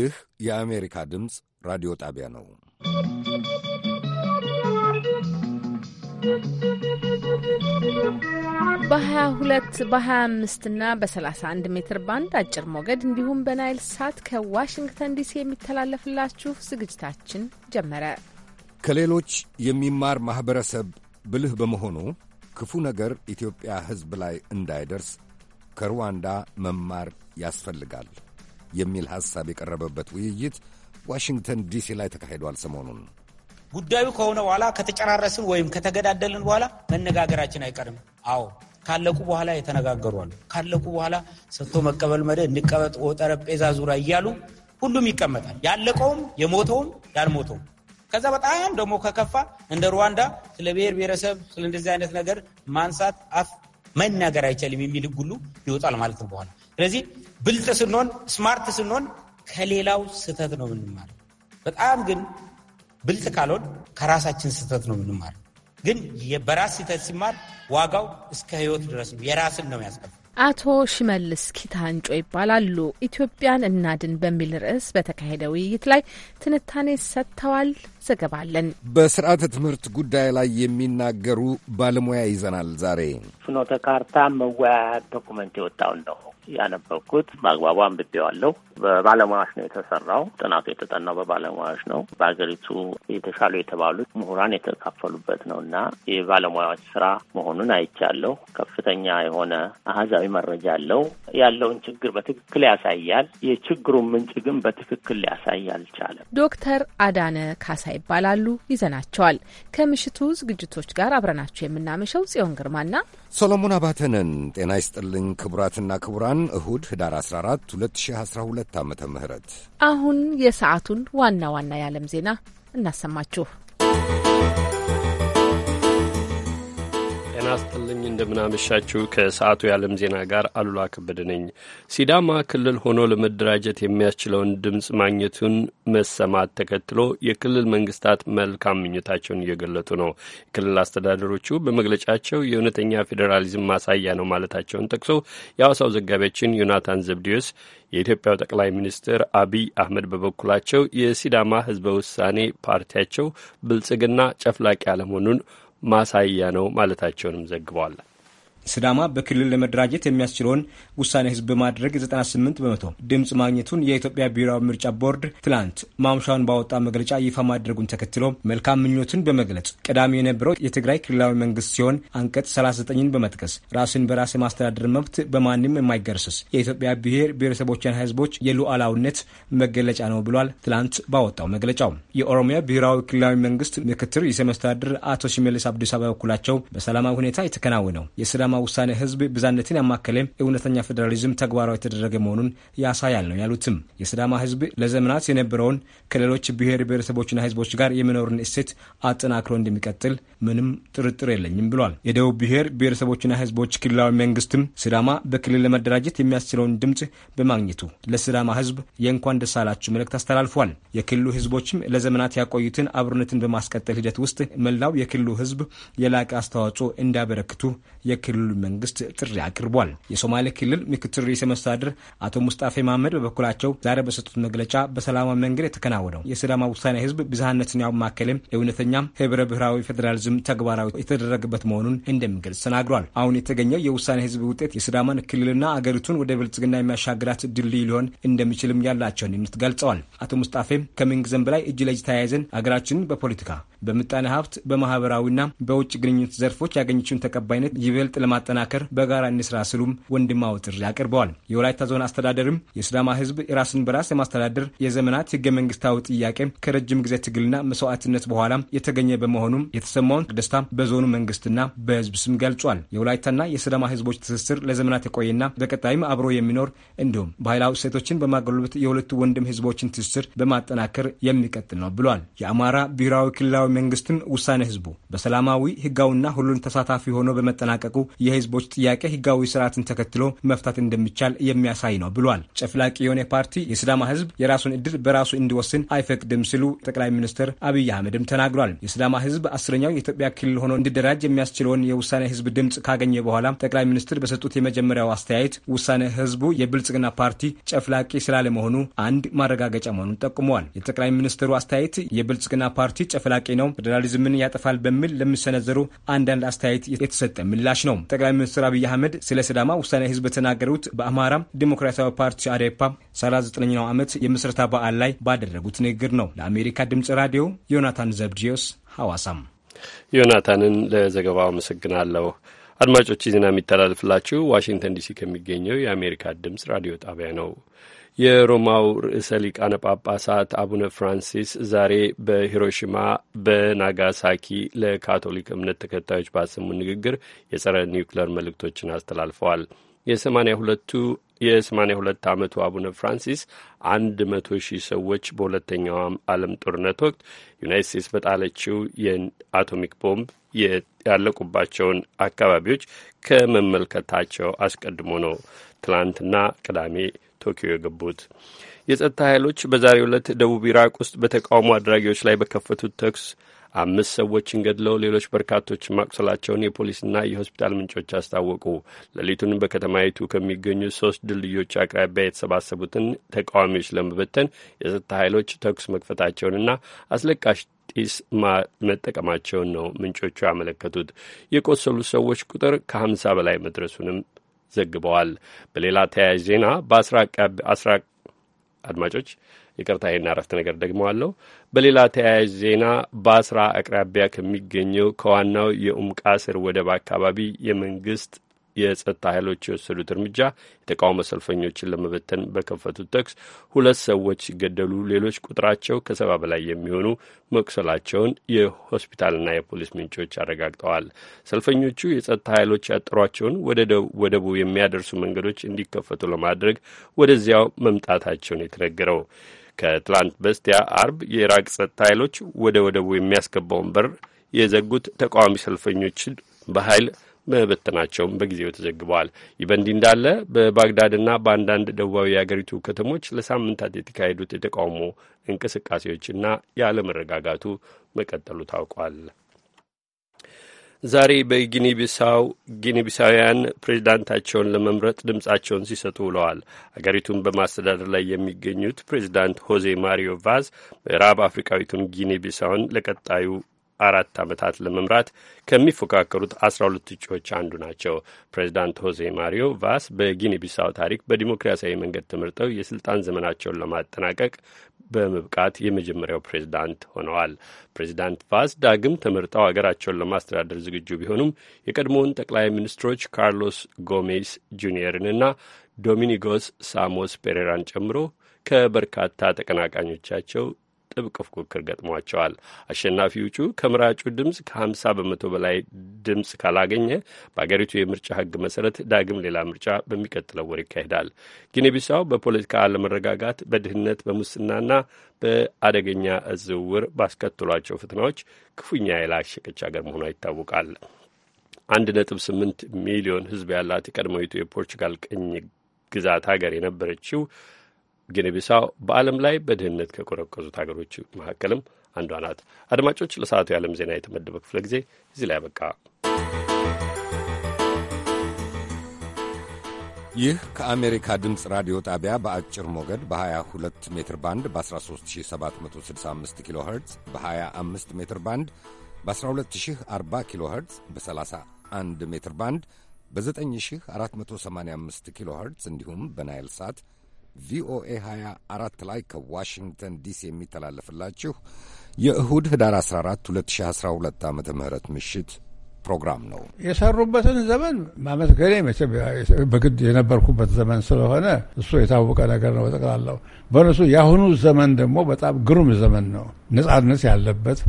ይህ የአሜሪካ ድምፅ ራዲዮ ጣቢያ ነው። በ22 በ25 እና በ31 ሜትር ባንድ አጭር ሞገድ እንዲሁም በናይል ሳት ከዋሽንግተን ዲሲ የሚተላለፍላችሁ ዝግጅታችን ጀመረ። ከሌሎች የሚማር ማኅበረሰብ ብልህ በመሆኑ ክፉ ነገር ኢትዮጵያ ሕዝብ ላይ እንዳይደርስ ከሩዋንዳ መማር ያስፈልጋል። የሚል ሐሳብ የቀረበበት ውይይት ዋሽንግተን ዲሲ ላይ ተካሂዷል። ሰሞኑን ጉዳዩ ከሆነ በኋላ ከተጨራረስን ወይም ከተገዳደልን በኋላ መነጋገራችን አይቀርም። አዎ ካለቁ በኋላ አሉ። ካለቁ በኋላ ሰጥቶ መቀበል መደ እንቀበጥ ጠረጴዛ ዙሪያ እያሉ ሁሉም ይቀመጣል። ያለቀውም የሞተውም ያልሞተውም። ከዛ በጣም ደግሞ ከከፋ እንደ ሩዋንዳ ስለ ብሔር ብሔረሰብ ስለ እንደዚህ አይነት ነገር ማንሳት አፍ መናገር አይቻልም የሚል ሁሉ ይወጣል ማለት ነው በኋላ ስለዚህ ብልጥ ስንሆን ስማርት ስንሆን ከሌላው ስህተት ነው የምንማረው። በጣም ግን ብልጥ ካልሆን ከራሳችን ስህተት ነው የምንማረው። ግን በራስ ስህተት ሲማር ዋጋው እስከ ህይወት ድረስ ነው። የራስን ነው ያስቀፍ አቶ ሽመልስ ኪታንጮ ይባላሉ። ኢትዮጵያን እናድን በሚል ርዕስ በተካሄደ ውይይት ላይ ትንታኔ ሰጥተዋል። ዘገባ አለን። በስርዓተ ትምህርት ጉዳይ ላይ የሚናገሩ ባለሙያ ይዘናል። ዛሬ ፍኖተ ካርታ መወያያ ዶኩመንት የወጣውን ነው ያነበብኩት በአግባቡ አንብቤዋለሁ። በባለሙያዎች ነው የተሰራው። ጥናቱ የተጠናው በባለሙያዎች ነው። በሀገሪቱ የተሻሉ የተባሉት ምሁራን የተካፈሉበት ነው እና የባለሙያዎች ስራ መሆኑን አይቻለሁ። ከፍተኛ የሆነ አህዛዊ መረጃ አለው። ያለውን ችግር በትክክል ያሳያል። የችግሩን ምንጭ ግን በትክክል ሊያሳይ አልቻለም። ዶክተር አዳነ ካሳ ይባላሉ። ይዘናቸዋል። ከምሽቱ ዝግጅቶች ጋር አብረናቸው የምናመሸው ጽዮን ግርማና ሶሎሞን አባተነን። ጤና ይስጥልኝ ክቡራትና ክቡራን መስከረም እሁድ ህዳር 14 2012 ዓ ም አሁን የሰዓቱን ዋና ዋና የዓለም ዜና እናሰማችሁ። Thank you. ጤና ስጥልኝ። እንደምናመሻችሁ ከሰዓቱ የዓለም ዜና ጋር አሉላ ከበደ ነኝ። ሲዳማ ክልል ሆኖ ለመደራጀት የሚያስችለውን ድምፅ ማግኘቱን መሰማት ተከትሎ የክልል መንግስታት መልካም ምኞታቸውን እየገለጡ ነው። የክልል አስተዳደሮቹ በመግለጫቸው የእውነተኛ ፌዴራሊዝም ማሳያ ነው ማለታቸውን ጠቅሶ የሐዋሳው ዘጋቢያችን ዮናታን ዘብዲዮስ የኢትዮጵያው ጠቅላይ ሚኒስትር አቢይ አህመድ በበኩላቸው የሲዳማ ህዝበ ውሳኔ ፓርቲያቸው ብልጽግና ጨፍላቂ አለመሆኑን ማሳያ ነው ማለታቸውንም ዘግቧል። ስዳማ በክልል ለመደራጀት የሚያስችለውን ውሳኔ ህዝብ በማድረግ 98 በመቶ ድምፅ ማግኘቱን የኢትዮጵያ ብሔራዊ ምርጫ ቦርድ ትላንት ማምሻውን ባወጣ መግለጫ ይፋ ማድረጉን ተከትሎ መልካም ምኞቱን በመግለጽ ቀዳሚ የነበረው የትግራይ ክልላዊ መንግስት ሲሆን አንቀጽ 39ን በመጥቀስ ራስን በራስ የማስተዳደር መብት በማንም የማይገርስስ የኢትዮጵያ ብሔር ብሔረሰቦችና ህዝቦች የሉዓላዊነት መገለጫ ነው ብሏል። ትላንት ባወጣው መግለጫው የኦሮሚያ ብሔራዊ ክልላዊ መንግስት ምክትል ርዕሰ መስተዳድር አቶ ሽመልስ አብዲሳ በበኩላቸው በሰላማዊ ሁኔታ የተከናወነው የስዳማ ውሳኔ ህዝብ ብዛነትን ያማከለ እውነተኛ ፌዴራሊዝም ተግባራዊ የተደረገ መሆኑን ያሳያል ነው ያሉትም። የስዳማ ህዝብ ለዘመናት የነበረውን ከሌሎች ብሔር ብሔረሰቦችና ህዝቦች ጋር የሚኖሩን እሴት አጠናክሮ እንደሚቀጥል ምንም ጥርጥር የለኝም ብሏል። የደቡብ ብሔር ብሔረሰቦችና ህዝቦች ክልላዊ መንግስትም ስዳማ በክልል ለመደራጀት የሚያስችለውን ድምፅ በማግኘቱ ለስዳማ ህዝብ የእንኳን ደስ አላችሁ መልእክት አስተላልፏል። የክልሉ ህዝቦችም ለዘመናት ያቆዩትን አብሮነትን በማስቀጠል ሂደት ውስጥ መላው የክልሉ ህዝብ የላቀ አስተዋጽኦ እንዲያበረክቱ የክልሉ ለክልሉ መንግስት ጥሪ አቅርቧል። የሶማሌ ክልል ምክትል ርዕሰ መስተዳድር አቶ ሙስጣፌ መሐመድ በበኩላቸው ዛሬ በሰጡት መግለጫ በሰላማዊ መንገድ የተከናወነው የሲዳማ ውሳኔ ህዝብ ብዝሃነትን ያማከለ እውነተኛ ህብረ ብሔራዊ ፌዴራሊዝም ተግባራዊ የተደረገበት መሆኑን እንደሚገልጽ ተናግሯል። አሁን የተገኘው የውሳኔ ህዝብ ውጤት የሲዳማን ክልልና አገሪቱን ወደ ብልጽግና የሚያሻግራት ድልድይ ሊሆን እንደሚችልም ያላቸውን እምነት ገልጸዋል። አቶ ሙስጣፌም ከምንጊዜም በላይ እጅ ለእጅ ተያይዘን አገራችንን በፖለቲካ በምጣኔ ሀብት፣ በማህበራዊና በውጭ ግንኙነት ዘርፎች ያገኘችውን ተቀባይነት ይበልጥ ለማጠናከር በጋራ እንስራ ስሉም ወንድማዊ ጥሪ አቅርበዋል። የወላይታ ዞን አስተዳደርም የሲዳማ ህዝብ የራስን በራስ የማስተዳደር የዘመናት ህገ መንግስታዊ ጥያቄ ከረጅም ጊዜ ትግልና መስዋዕትነት በኋላ የተገኘ በመሆኑም የተሰማውን ደስታ በዞኑ መንግስትና በህዝብ ስም ገልጿል። የወላይታና የሲዳማ ህዝቦች ትስስር ለዘመናት የቆየና በቀጣይም አብሮ የሚኖር እንዲሁም ባህላዊ እሴቶችን በማጎልበት የሁለቱ ወንድም ህዝቦችን ትስስር በማጠናከር የሚቀጥል ነው ብሏል። የአማራ ብሔራዊ ክልላዊ መንግስትን ውሳኔ ህዝቡ በሰላማዊ ህጋዊና ሁሉን ተሳታፊ ሆኖ በመጠናቀቁ የህዝቦች ጥያቄ ህጋዊ ስርዓትን ተከትሎ መፍታት እንደሚቻል የሚያሳይ ነው ብሏል። ጨፍላቂ የሆነ ፓርቲ የስዳማ ህዝብ የራሱን እድል በራሱ እንዲወስን አይፈቅድም ሲሉ ጠቅላይ ሚኒስትር አብይ አህመድም ተናግሯል። የስዳማ ህዝብ አስረኛው የኢትዮጵያ ክልል ሆኖ እንዲደራጅ የሚያስችለውን የውሳኔ ህዝብ ድምፅ ካገኘ በኋላ ጠቅላይ ሚኒስትር በሰጡት የመጀመሪያው አስተያየት ውሳኔ ህዝቡ የብልጽግና ፓርቲ ጨፍላቂ ስላለመሆኑ አንድ ማረጋገጫ መሆኑን ጠቁመዋል። የጠቅላይ ሚኒስትሩ አስተያየት የብልጽግና ፓርቲ ጨፍላቂ ነው፣ ፌዴራሊዝምን ያጠፋል በሚል ለሚሰነዘሩ አንዳንድ አስተያየት የተሰጠ ምላሽ ነው። ጠቅላይ ሚኒስትር አብይ አህመድ ስለ ስዳማ ውሳኔ ህዝብ የተናገሩት በአማራ ዲሞክራሲያዊ ፓርቲ አዴፓ 39ኛው ዓመት የምስረታ በዓል ላይ ባደረጉት ንግግር ነው። ለአሜሪካ ድምጽ ራዲዮ ዮናታን ዘብድዮስ ሐዋሳም። ዮናታንን ለዘገባው አመሰግናለሁ። አድማጮች ዜና የሚተላለፍላችሁ ዋሽንግተን ዲሲ ከሚገኘው የአሜሪካ ድምፅ ራዲዮ ጣቢያ ነው። የሮማው ርዕሰ ሊቃነ ጳጳሳት አቡነ ፍራንሲስ ዛሬ በሂሮሽማ በናጋሳኪ ለካቶሊክ እምነት ተከታዮች ባሰሙ ንግግር የጸረ ኒውክለር መልእክቶችን አስተላልፈዋል። የ ሁለቱ ማኒያ ሁለት ዓመቱ አቡነ ፍራንሲስ አንድ መቶ ሺህ ሰዎች በሁለተኛው ዓለም ጦርነት ወቅት ዩናይት ስቴትስ በጣለችው የአቶሚክ ቦምብ ያለቁባቸውን አካባቢዎች ከመመልከታቸው አስቀድሞ ነው ትላንትና ቅዳሜ ቶኪዮ የገቡት። የጸጥታ ኃይሎች በዛሬው ዕለት ደቡብ ኢራቅ ውስጥ በተቃውሞ አድራጊዎች ላይ በከፈቱት ተኩስ አምስት ሰዎችን ገድለው ሌሎች በርካቶች ማቁሰላቸውን የፖሊስና የሆስፒታል ምንጮች አስታወቁ። ሌሊቱን በከተማይቱ ከሚገኙ ሶስት ድልድዮች አቅራቢያ የተሰባሰቡትን ተቃዋሚዎች ለመበተን የጸጥታ ኃይሎች ተኩስ መክፈታቸውንና አስለቃሽ ጢስ መጠቀማቸውን ነው ምንጮቹ ያመለከቱት። የቆሰሉ ሰዎች ቁጥር ከሀምሳ በላይ መድረሱንም ዘግበዋል። በሌላ ተያያዥ ዜና በአስራ አድማጮች ይቅርታ ይህን አረፍተ ነገር ደግመዋለሁ። በሌላ ተያያዥ ዜና በአስራ አቅራቢያ ከሚገኘው ከዋናው የኡምቃስር ወደብ አካባቢ የመንግስት የጸጥታ ኃይሎች የወሰዱት እርምጃ የተቃውሞ ሰልፈኞችን ለመበተን በከፈቱት ተኩስ ሁለት ሰዎች ሲገደሉ ሌሎች ቁጥራቸው ከሰባ በላይ የሚሆኑ መቁሰላቸውን የሆስፒታልና የፖሊስ ምንጮች አረጋግጠዋል። ሰልፈኞቹ የጸጥታ ኃይሎች ያጠሯቸውን ወደ ወደቡ የሚያደርሱ መንገዶች እንዲከፈቱ ለማድረግ ወደዚያው መምጣታቸውን የተነገረው ከትላንት በስቲያ አርብ የኢራቅ ጸጥታ ኃይሎች ወደ ወደቡ የሚያስገባውን በር የዘጉት ተቃዋሚ ሰልፈኞችን በኃይል መበተናቸውም በጊዜው ተዘግበዋል። ይህ በእንዲህ እንዳለ በባግዳድና በአንዳንድ ደቡባዊ የአገሪቱ ከተሞች ለሳምንታት የተካሄዱት የተቃውሞ እንቅስቃሴዎችና ያለመረጋጋቱ መቀጠሉ ታውቋል። ዛሬ በጊኒቢሳው ቢሳው ቢሳውያን ፕሬዚዳንታቸውን ለመምረጥ ድምጻቸውን ሲሰጡ ውለዋል። አገሪቱን በማስተዳደር ላይ የሚገኙት ፕሬዚዳንት ሆዜ ማሪዮ ቫዝ ምዕራብ አፍሪካዊቱን ጊኒቢሳውን ቢሳውን ለቀጣዩ አራት ዓመታት ለመምራት ከሚፎካከሩት አስራ ሁለት እጩዎች አንዱ ናቸው። ፕሬዚዳንት ሆዜ ማሪዮ ቫስ በጊኒቢሳው ቢሳው ታሪክ በዲሞክራሲያዊ መንገድ ተመርጠው የስልጣን ዘመናቸውን ለማጠናቀቅ በመብቃት የመጀመሪያው ፕሬዚዳንት ሆነዋል። ፕሬዚዳንት ቫስ ዳግም ተመርጠው ሀገራቸውን ለማስተዳደር ዝግጁ ቢሆኑም የቀድሞውን ጠቅላይ ሚኒስትሮች ካርሎስ ጎሜዝ ጁኒየርንና ዶሚኒጎስ ሳሞስ ፔሬራን ጨምሮ ከበርካታ ተቀናቃኞቻቸው ጥብቅ ፉክክር ገጥሟቸዋል። አሸናፊ ውጩ ከምራጩ ድምፅ ከ50 በመቶ በላይ ድምፅ ካላገኘ በአገሪቱ የምርጫ ሕግ መሰረት ዳግም ሌላ ምርጫ በሚቀጥለው ወር ይካሄዳል። ጊኔቢሳው በፖለቲካ አለመረጋጋት፣ በድህነት፣ በሙስናና በአደገኛ ዝውውር ባስከትሏቸው ፍትናዎች ክፉኛ የላሸቀች ሀገር መሆኗ ይታወቃል። አንድ ነጥብ ስምንት ሚሊዮን ሕዝብ ያላት የቀድሞዊቱ የፖርቹጋል ቅኝ ግዛት ሀገር የነበረችው ጊኔቢሳው በዓለም ላይ በድህነት ከቆረቆዙት ሀገሮች መካከልም አንዷ ናት። አድማጮች፣ ለሰዓቱ የዓለም ዜና የተመደበው ክፍለ ጊዜ እዚህ ላይ አበቃ። ይህ ከአሜሪካ ድምፅ ራዲዮ ጣቢያ በአጭር ሞገድ በ22 ሜትር ባንድ በ13765 ኪሎ ኸርትዝ በ25 ሜትር ባንድ በ1240 ኪሎ ኸርትዝ በ31 ሜትር ባንድ በ9485 ኪሎ ኸርትዝ እንዲሁም በናይል ሳት ቪኦኤ 24 ላይ ከዋሽንግተን ዲሲ የሚተላለፍላችሁ የእሁድ ህዳር 14 2012 ዓ ም ምሽት ፕሮግራም ነው። የሰሩበትን ዘመን ማመስገኔ መቼም በግድ የነበርኩበት ዘመን ስለሆነ እሱ የታወቀ ነገር ነው በጠቅላላው። በእነሱ የአሁኑ ዘመን ደግሞ በጣም ግሩም ዘመን ነው። ነጻነት ያለበት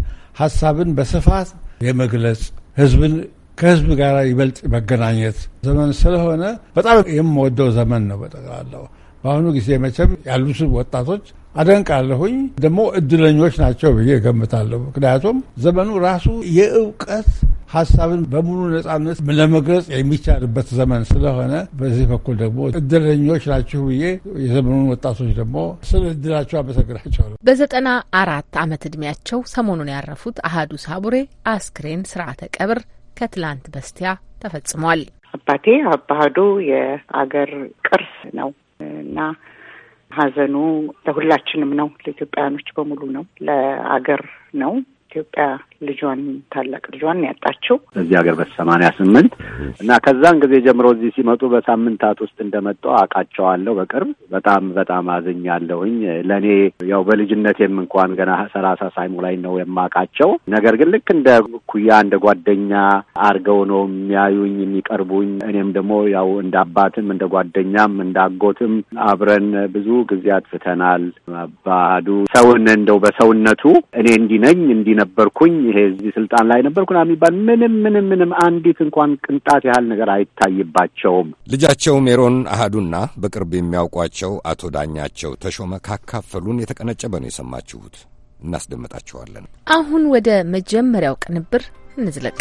ሀሳብን በስፋት የመግለጽ ህዝብን ከህዝብ ጋር ይበልጥ መገናኘት ዘመን ስለሆነ በጣም የምወደው ዘመን ነው በጠቅላላው። በአሁኑ ጊዜ መቼም ያሉት ወጣቶች አደንቃለሁኝ ደግሞ እድለኞች ናቸው ብዬ እገምታለሁ። ምክንያቱም ዘመኑ ራሱ የእውቀት ሀሳብን በሙሉ ነጻነት ለመግለጽ የሚቻልበት ዘመን ስለሆነ በዚህ በኩል ደግሞ እድለኞች ናችሁ ብዬ የዘመኑን ወጣቶች ደግሞ ስለ እድላቸው አመሰግናቸዋለሁ። በዘጠና አራት ዓመት እድሜያቸው ሰሞኑን ያረፉት አህዱ ሳቡሬ አስክሬን ስርዓተ ቀብር ከትላንት በስቲያ ተፈጽሟል። አባቴ አባህዶ የአገር ቅርስ ነው እና ሀዘኑ ለሁላችንም ነው፣ ለኢትዮጵያውያኖች በሙሉ ነው፣ ለአገር ነው። ኢትዮጵያ ልጇን ታላቅ ልጇን ያጣችው እዚህ ሀገር በሰማንያ ስምንት እና ከዛን ጊዜ ጀምሮ እዚህ ሲመጡ በሳምንታት ውስጥ እንደመጣው አውቃቸዋለሁ። በቅርብ በጣም በጣም አዝኛለሁኝ። ለእኔ ያው በልጅነቴም እንኳን ገና ሰላሳ ሳይሞላኝ ነው የማውቃቸው። ነገር ግን ልክ እንደ ኩያ እንደ ጓደኛ አርገው ነው የሚያዩኝ የሚቀርቡኝ። እኔም ደግሞ ያው እንደ አባትም እንደ ጓደኛም እንደ አጎትም አብረን ብዙ ጊዜ አጥፍተናል። አባዱ ሰውን እንደው በሰውነቱ እኔ እንዲነኝ እንዲነበርኩኝ። ይሄ እዚህ ስልጣን ላይ ነበርኩና የሚባል ምንም ምንም ምንም አንዲት እንኳን ቅንጣት ያህል ነገር አይታይባቸውም። ልጃቸው ሜሮን አህዱና በቅርብ የሚያውቋቸው አቶ ዳኛቸው ተሾመ ካካፈሉን የተቀነጨበ ነው የሰማችሁት። እናስደምጣችኋለን። አሁን ወደ መጀመሪያው ቅንብር እንዝለቅ።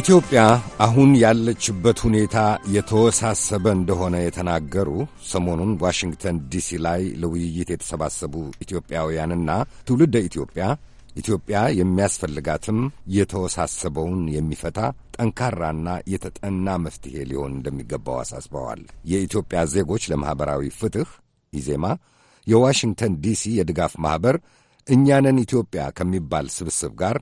ኢትዮጵያ አሁን ያለችበት ሁኔታ የተወሳሰበ እንደሆነ የተናገሩ ሰሞኑን ዋሽንግተን ዲሲ ላይ ለውይይት የተሰባሰቡ ኢትዮጵያውያንና ትውልደ ኢትዮጵያ ኢትዮጵያ የሚያስፈልጋትም የተወሳሰበውን የሚፈታ ጠንካራና የተጠና መፍትሄ ሊሆን እንደሚገባው አሳስበዋል። የኢትዮጵያ ዜጎች ለማኅበራዊ ፍትሕ ኢዜማ፣ የዋሽንግተን ዲሲ የድጋፍ ማኅበር እኛንን ኢትዮጵያ ከሚባል ስብስብ ጋር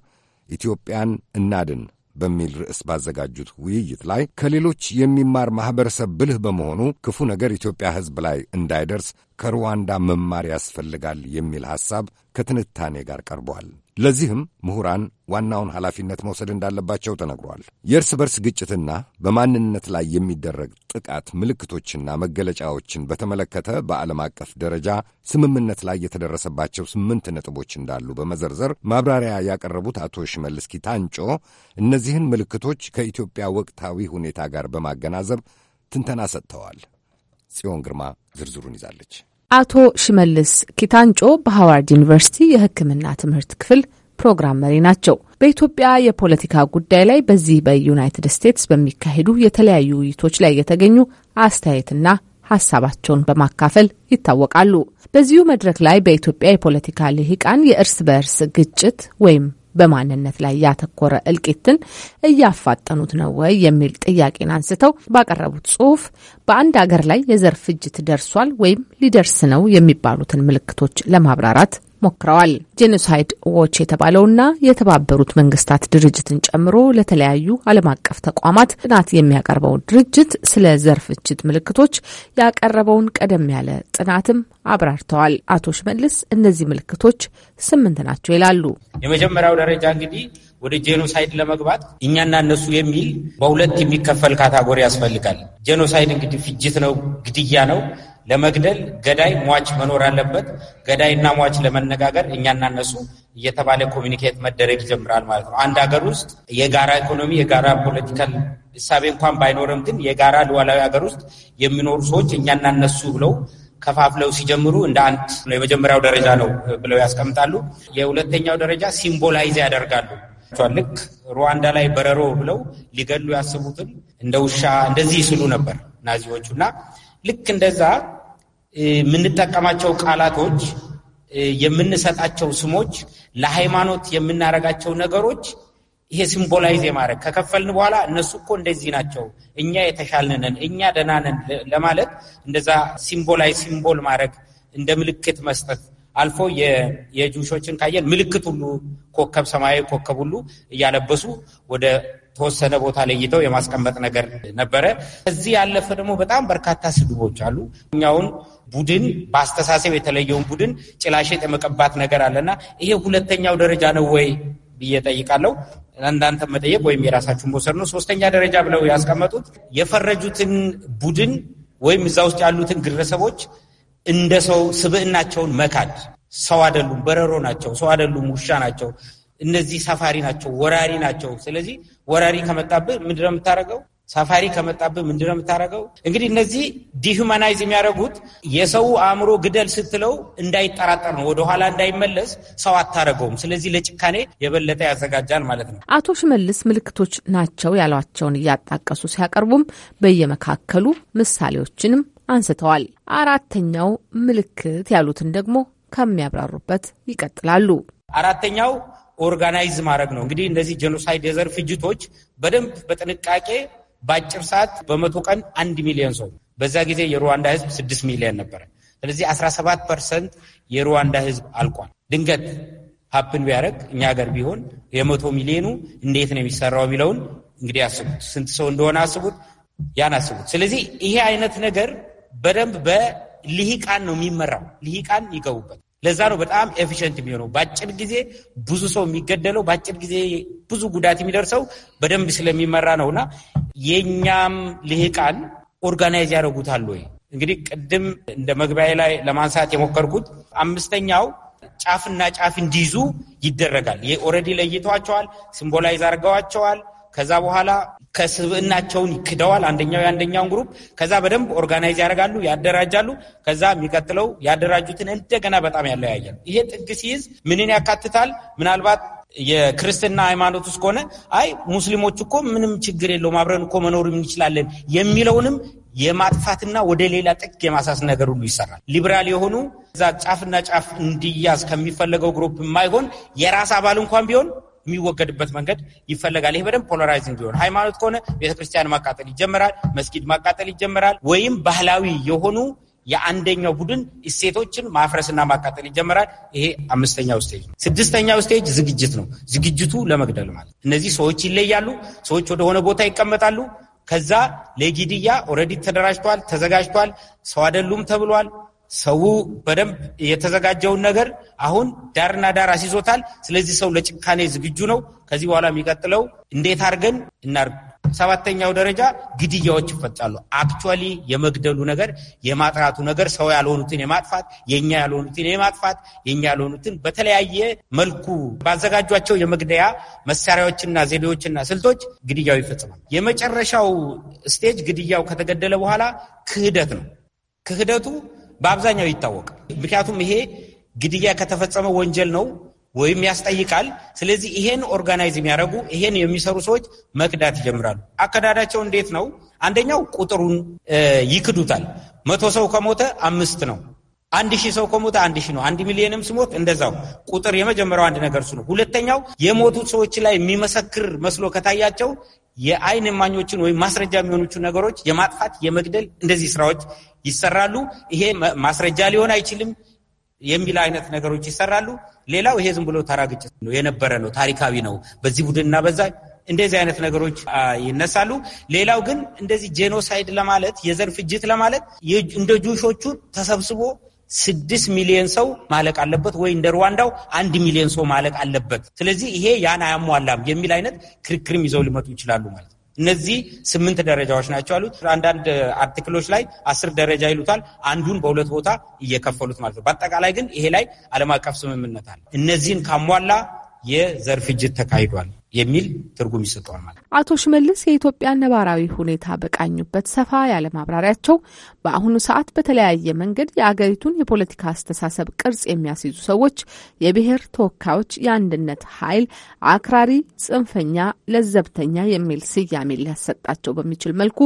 ኢትዮጵያን እናድን በሚል ርዕስ ባዘጋጁት ውይይት ላይ ከሌሎች የሚማር ማኅበረሰብ ብልህ በመሆኑ ክፉ ነገር ኢትዮጵያ ሕዝብ ላይ እንዳይደርስ ከሩዋንዳ መማር ያስፈልጋል የሚል ሐሳብ ከትንታኔ ጋር ቀርቧል። ለዚህም ምሁራን ዋናውን ኃላፊነት መውሰድ እንዳለባቸው ተነግሯል። የእርስ በርስ ግጭትና በማንነት ላይ የሚደረግ ጥቃት ምልክቶችና መገለጫዎችን በተመለከተ በዓለም አቀፍ ደረጃ ስምምነት ላይ የተደረሰባቸው ስምንት ነጥቦች እንዳሉ በመዘርዘር ማብራሪያ ያቀረቡት አቶ ሽመልስ ኪታንጮ እነዚህን ምልክቶች ከኢትዮጵያ ወቅታዊ ሁኔታ ጋር በማገናዘብ ትንተና ሰጥተዋል። ጽዮን ግርማ ዝርዝሩን ይዛለች። አቶ ሽመልስ ኪታንጮ በሃዋርድ ዩኒቨርሲቲ የሕክምና ትምህርት ክፍል ፕሮግራም መሪ ናቸው። በኢትዮጵያ የፖለቲካ ጉዳይ ላይ በዚህ በዩናይትድ ስቴትስ በሚካሄዱ የተለያዩ ውይይቶች ላይ የተገኙ አስተያየትና ሀሳባቸውን በማካፈል ይታወቃሉ። በዚሁ መድረክ ላይ በኢትዮጵያ የፖለቲካ ልሂቃን የእርስ በእርስ ግጭት ወይም በማንነት ላይ ያተኮረ እልቂትን እያፋጠኑት ነው ወይ የሚል ጥያቄን አንስተው ባቀረቡት ጽሁፍ በአንድ አገር ላይ የዘር ፍጅት ደርሷል ወይም ሊደርስ ነው የሚባሉትን ምልክቶች ለማብራራት ሞክረዋል። ጄኖሳይድ ዎች የተባለውና የተባበሩት መንግስታት ድርጅትን ጨምሮ ለተለያዩ ዓለም አቀፍ ተቋማት ጥናት የሚያቀርበው ድርጅት ስለ ዘር ፍጅት ምልክቶች ያቀረበውን ቀደም ያለ ጥናትም አብራርተዋል። አቶ ሽመልስ እነዚህ ምልክቶች ስምንት ናቸው ይላሉ። የመጀመሪያው ደረጃ እንግዲህ ወደ ጄኖሳይድ ለመግባት እኛና እነሱ የሚል በሁለት የሚከፈል ካታጎሪ ያስፈልጋል። ጄኖሳይድ እንግዲህ ፍጅት ነው፣ ግድያ ነው። ለመግደል ገዳይ ሟች መኖር አለበት። ገዳይና ሟች ለመነጋገር እኛና እነሱ እየተባለ ኮሚኒኬት መደረግ ይጀምራል ማለት ነው። አንድ ሀገር ውስጥ የጋራ ኢኮኖሚ፣ የጋራ ፖለቲካል እሳቤ እንኳን ባይኖርም ግን የጋራ ሉዓላዊ ሀገር ውስጥ የሚኖሩ ሰዎች እኛና እነሱ ብለው ከፋፍለው ሲጀምሩ እንደ አንድ የመጀመሪያው ደረጃ ነው ብለው ያስቀምጣሉ። የሁለተኛው ደረጃ ሲምቦላይዝ ያደርጋሉ። ልክ ሩዋንዳ ላይ በረሮ ብለው ሊገሉ ያስቡትን እንደ ውሻ እንደዚህ ይስሉ ነበር ናዚዎቹ እና ልክ እንደዛ የምንጠቀማቸው ቃላቶች፣ የምንሰጣቸው ስሞች፣ ለሃይማኖት የምናረጋቸው ነገሮች ይሄ ሲምቦላይዝ የማድረግ ከከፈልን በኋላ እነሱ እኮ እንደዚህ ናቸው፣ እኛ የተሻልንን እኛ ደህናነን ለማለት እንደዛ ሲምቦላይዝ ሲምቦል ማድረግ እንደ ምልክት መስጠት አልፎ የጁሾችን ካየን ምልክት ሁሉ ኮከብ፣ ሰማያዊ ኮከብ ሁሉ እያለበሱ ወደ ተወሰነ ቦታ ለይተው የማስቀመጥ ነገር ነበረ። እዚህ ያለፈ ደግሞ በጣም በርካታ ስድቦች አሉ። እኛውን ቡድን በአስተሳሰብ የተለየውን ቡድን ጭላሸት የመቀባት ነገር አለና ይሄ ሁለተኛው ደረጃ ነው ወይ ብዬ ጠይቃለሁ። እናንተ መጠየቅ ወይም የራሳችሁን መውሰድ ነው። ሶስተኛ ደረጃ ብለው ያስቀመጡት የፈረጁትን ቡድን ወይም እዛ ውስጥ ያሉትን ግለሰቦች እንደ ሰው ስብዕናቸውን መካድ። ሰው አይደሉም፣ በረሮ ናቸው፣ ሰው አይደሉም፣ ውሻ ናቸው፣ እነዚህ ሰፋሪ ናቸው፣ ወራሪ ናቸው። ስለዚህ ወራሪ ከመጣብህ ምንድነው የምታደርገው? ሳፋሪ ከመጣብህ ነው የምታደርገው? እንግዲህ እነዚህ ዲሁማናይዝ የሚያደርጉት የሰው አእምሮ ግደል ስትለው እንዳይጠራጠር ነው፣ ወደኋላ እንዳይመለስ ሰው አታደርገውም። ስለዚህ ለጭካኔ የበለጠ ያዘጋጃል ማለት ነው። አቶ ሽመልስ ምልክቶች ናቸው ያሏቸውን እያጣቀሱ ሲያቀርቡም በየመካከሉ ምሳሌዎችንም አንስተዋል። አራተኛው ምልክት ያሉትን ደግሞ ከሚያብራሩበት ይቀጥላሉ። አራተኛው ኦርጋናይዝ ማድረግ ነው። እንግዲህ እነዚህ ጄኖሳይድ የዘር ፍጅቶች በደንብ በጥንቃቄ በአጭር ሰዓት በመቶ ቀን አንድ ሚሊዮን ሰው በዛ ጊዜ የሩዋንዳ ህዝብ ስድስት ሚሊዮን ነበረ። ስለዚህ 17 ፐርሰንት የሩዋንዳ ህዝብ አልቋል። ድንገት ሀፕን ቢያደረግ እኛ ሀገር ቢሆን የመቶ ሚሊዮኑ እንዴት ነው የሚሰራው የሚለውን እንግዲህ አስቡት። ስንት ሰው እንደሆነ አስቡት፣ ያን አስቡት። ስለዚህ ይሄ አይነት ነገር በደንብ በልሂቃን ነው የሚመራው። ልሂቃን ይገቡበት። ለዛ ነው በጣም ኤፊሽንት የሚሆነው። በአጭር ጊዜ ብዙ ሰው የሚገደለው፣ በአጭር ጊዜ ብዙ ጉዳት የሚደርሰው በደንብ ስለሚመራ ነው። እና የእኛም ልሂቃን ኦርጋናይዝ ያደርጉታል ወይ እንግዲህ ቅድም እንደ መግቢያ ላይ ለማንሳት የሞከርኩት አምስተኛው ጫፍና ጫፍ እንዲይዙ ይደረጋል። ይህ ኦልሬዲ ለይተዋቸዋል፣ ሲምቦላይዝ አድርገዋቸዋል። ከዛ በኋላ ከስብእናቸውን ይክደዋል። አንደኛው የአንደኛውን ግሩፕ ከዛ በደንብ ኦርጋናይዝ ያደርጋሉ፣ ያደራጃሉ። ከዛ የሚቀጥለው ያደራጁትን እንደገና በጣም ያለያያል። ይሄ ጥግ ሲይዝ ምንን ያካትታል? ምናልባት የክርስትና ሃይማኖት ውስጥ ከሆነ አይ ሙስሊሞች እኮ ምንም ችግር የለውም አብረን እኮ መኖር እንችላለን የሚለውንም የማጥፋትና ወደ ሌላ ጥግ የማሳስ ነገር ሁሉ ይሰራል። ሊበራል የሆኑ እዛ ጫፍና ጫፍ እንዲያዝ ከሚፈለገው ግሩፕ የማይሆን የራስ አባል እንኳን ቢሆን የሚወገድበት መንገድ ይፈለጋል። ይህ በደንብ ፖላራይዚንግ ቢሆን ሃይማኖት ከሆነ ቤተክርስቲያን ማቃጠል ይጀመራል፣ መስጊድ ማቃጠል ይጀመራል፣ ወይም ባህላዊ የሆኑ የአንደኛው ቡድን እሴቶችን ማፍረስና ማቃጠል ይጀመራል። ይሄ አምስተኛው ስቴጅ ነው። ስድስተኛው ስቴጅ ዝግጅት ነው። ዝግጅቱ ለመግደል ማለት እነዚህ ሰዎች ይለያሉ። ሰዎች ወደ ሆነ ቦታ ይቀመጣሉ። ከዛ ለጊድያ ኦልሬዲ ተደራጅቷል፣ ተዘጋጅቷል። ሰው አይደሉም ተብሏል። ሰው በደንብ የተዘጋጀውን ነገር አሁን ዳርና ዳር አስይዞታል። ስለዚህ ሰው ለጭካኔ ዝግጁ ነው። ከዚህ በኋላ የሚቀጥለው እንዴት አድርገን እናርግ። ሰባተኛው ደረጃ ግድያዎች ይፈጻሉ። አክቹዋሊ የመግደሉ ነገር የማጥራቱ ነገር ሰው ያልሆኑትን የማጥፋት የኛ ያልሆኑትን የማጥፋት የእኛ ያልሆኑትን በተለያየ መልኩ ባዘጋጇቸው የመግደያ መሳሪያዎችና ዘዴዎችና ስልቶች ግድያው ይፈጽማል። የመጨረሻው ስቴጅ ግድያው ከተገደለ በኋላ ክህደት ነው። ክህደቱ በአብዛኛው ይታወቃል። ምክንያቱም ይሄ ግድያ ከተፈጸመ ወንጀል ነው ወይም ያስጠይቃል። ስለዚህ ይሄን ኦርጋናይዝ የሚያደርጉ ይሄን የሚሰሩ ሰዎች መክዳት ይጀምራሉ። አከዳዳቸው እንዴት ነው? አንደኛው ቁጥሩን ይክዱታል። መቶ ሰው ከሞተ አምስት ነው። አንድ ሺህ ሰው ከሞተ አንድ ሺህ ነው። አንድ ሚሊዮንም ስሞት እንደዛው ቁጥር የመጀመሪያው አንድ ነገር እሱ ነው። ሁለተኛው የሞቱት ሰዎች ላይ የሚመሰክር መስሎ ከታያቸው የአይን እማኞችን ወይም ማስረጃ የሚሆኑችን ነገሮች የማጥፋት የመግደል እንደዚህ ስራዎች ይሰራሉ። ይሄ ማስረጃ ሊሆን አይችልም የሚል አይነት ነገሮች ይሰራሉ። ሌላው ይሄ ዝም ብሎ ተራ ግጭት ነው የነበረ ነው ታሪካዊ ነው በዚህ ቡድንና በዛ እንደዚህ አይነት ነገሮች ይነሳሉ። ሌላው ግን እንደዚህ ጄኖሳይድ ለማለት የዘር ፍጅት ለማለት እንደ ጁሾቹ ተሰብስቦ ስድስት ሚሊዮን ሰው ማለቅ አለበት ወይ እንደ ሩዋንዳው አንድ ሚሊዮን ሰው ማለቅ አለበት፣ ስለዚህ ይሄ ያን አያሟላም የሚል አይነት ክርክርም ይዘው ሊመጡ ይችላሉ ማለት ነው። እነዚህ ስምንት ደረጃዎች ናቸው አሉት። አንዳንድ አርቲክሎች ላይ አስር ደረጃ ይሉታል። አንዱን በሁለት ቦታ እየከፈሉት ማለት ነው። በአጠቃላይ ግን ይሄ ላይ ዓለም አቀፍ ስምምነት አለ። እነዚህን ካሟላ የዘር ፍጅት ተካሂዷል። የሚል ትርጉም ይሰጠዋል ማለት ነው። አቶ ሽመልስ የኢትዮጵያ ነባራዊ ሁኔታ በቃኙበት ሰፋ ያለ ማብራሪያቸው በአሁኑ ሰዓት በተለያየ መንገድ የአገሪቱን የፖለቲካ አስተሳሰብ ቅርጽ የሚያስይዙ ሰዎች የብሔር ተወካዮች፣ የአንድነት ኃይል፣ አክራሪ፣ ጽንፈኛ፣ ለዘብተኛ የሚል ስያሜ ሊያሰጣቸው በሚችል መልኩ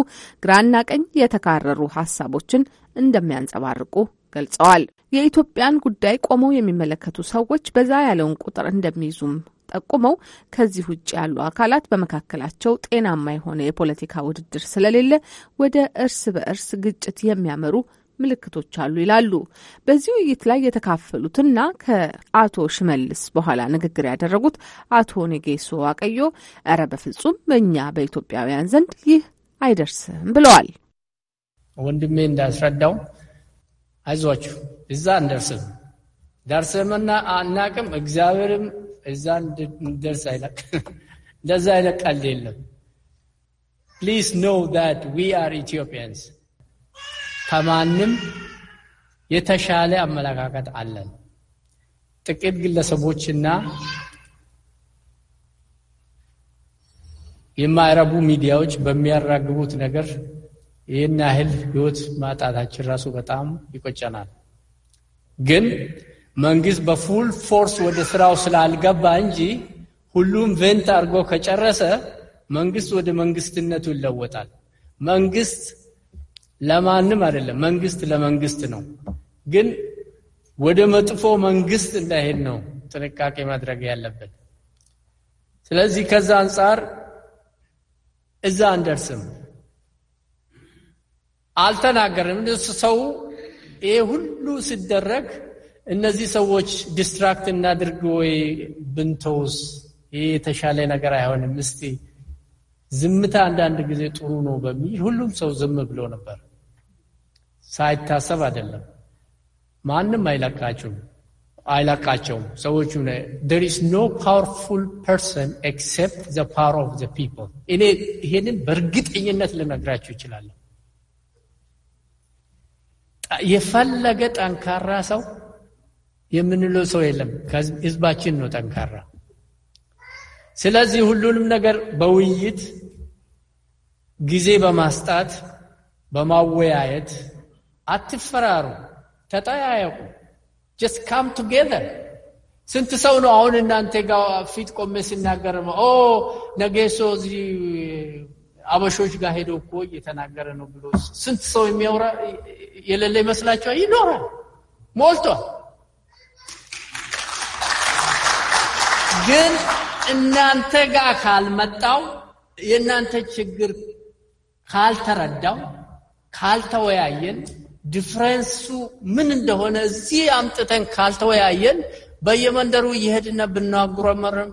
ግራና ቀኝ የተካረሩ ሀሳቦችን እንደሚያንጸባርቁ ገልጸዋል። የኢትዮጵያን ጉዳይ ቆመው የሚመለከቱ ሰዎች በዛ ያለውን ቁጥር እንደሚይዙም ጠቁመው ከዚህ ውጭ ያሉ አካላት በመካከላቸው ጤናማ የሆነ የፖለቲካ ውድድር ስለሌለ ወደ እርስ በእርስ ግጭት የሚያመሩ ምልክቶች አሉ ይላሉ። በዚህ ውይይት ላይ የተካፈሉትና ከአቶ ሽመልስ በኋላ ንግግር ያደረጉት አቶ ኔጌሶ አቀዮ እረ በፍጹም በእኛ በኢትዮጵያውያን ዘንድ ይህ አይደርስም ብለዋል። ወንድሜ እንዳስረዳው አይዟችሁ እዛ አንደርስም ዳርሰመና አናቅም እግዚአብሔርም እዛ ደርስ አይለቅ እንደዛ አይነት ቀልድ የለም። ፕሊዝ ኖው ዛት ዊ አር ኢትዮጵያንስ ከማንም የተሻለ አመለካከት አለን። ጥቂት ግለሰቦችና የማይረቡ ሚዲያዎች በሚያራግቡት ነገር ይህን ያህል ህይወት ማጣታችን ራሱ በጣም ይቆጨናል ግን መንግስት በፉል ፎርስ ወደ ስራው ስላልገባ እንጂ ሁሉም ቬንት አድርጎ ከጨረሰ መንግስት ወደ መንግስትነቱ ይለወጣል። መንግስት ለማንም አይደለም፣ መንግስት ለመንግስት ነው። ግን ወደ መጥፎ መንግስት እንዳይሄድ ነው ጥንቃቄ ማድረግ ያለብን። ስለዚህ ከዛ አንጻር እዛ አንደርስም። አልተናገርም ሰው ይሄ ሁሉ ሲደረግ እነዚህ ሰዎች ዲስትራክት እናድርግ ወይ ብንተውስ ይህ የተሻለ ነገር አይሆንም፣ እስቲ ዝምታ አንዳንድ ጊዜ ጥሩ ነው በሚል ሁሉም ሰው ዝም ብሎ ነበር። ሳይታሰብ አይደለም። ማንም አይለቃቸውም አይለቃቸውም። ሰዎቹ there is no powerful person except the power of the people። እኔ ይሄንን በእርግጠኝነት ልነግራቸው እችላለሁ። የፈለገ ጠንካራ ሰው የምንለው ሰው የለም። ህዝባችን ነው ጠንካራ። ስለዚህ ሁሉንም ነገር በውይይት ጊዜ በማስጣት በማወያየት አትፈራሩ፣ ተጠያየቁ። ጀስት ካም ቱጌዘር። ስንት ሰው ነው አሁን እናንተ ጋር ፊት ቆሜ ሲናገር ኦ ሰው እዚህ አበሾች ጋር ሄዶ እኮ እየተናገረ ነው ብሎ ስንት ሰው የሚያወራ የሌለ ይመስላችኋል? ይኖራል፣ ሞልቷል። ግን እናንተ ጋር ካልመጣው የእናንተ ችግር ካልተረዳው ካልተወያየን ዲፍረንሱ ምን እንደሆነ እዚህ አምጥተን ካልተወያየን በየመንደሩ እየሄድን ብናጉረመርም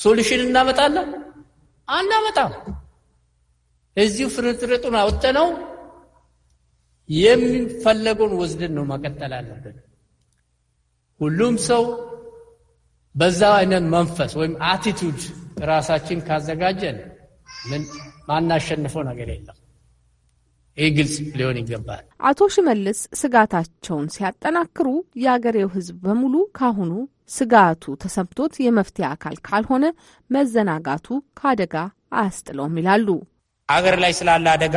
ሶሉሽን እናመጣለን አናመጣም። እዚሁ ፍርጥርጡን አውጥተነው የሚፈለገውን ወስደን ነው መቀጠል አለብን። ሁሉም ሰው በዛ አይነት መንፈስ ወይም አቲቱድ ራሳችን ካዘጋጀን ምን ማናሸንፈው ነገር የለም። ይህ ግልጽ ሊሆን ይገባል። አቶ ሽመልስ ስጋታቸውን ሲያጠናክሩ የአገሬው ሕዝብ በሙሉ ካሁኑ ስጋቱ ተሰምቶት የመፍትሄ አካል ካልሆነ መዘናጋቱ ከአደጋ አያስጥለውም ይላሉ። አገር ላይ ስላለ አደጋ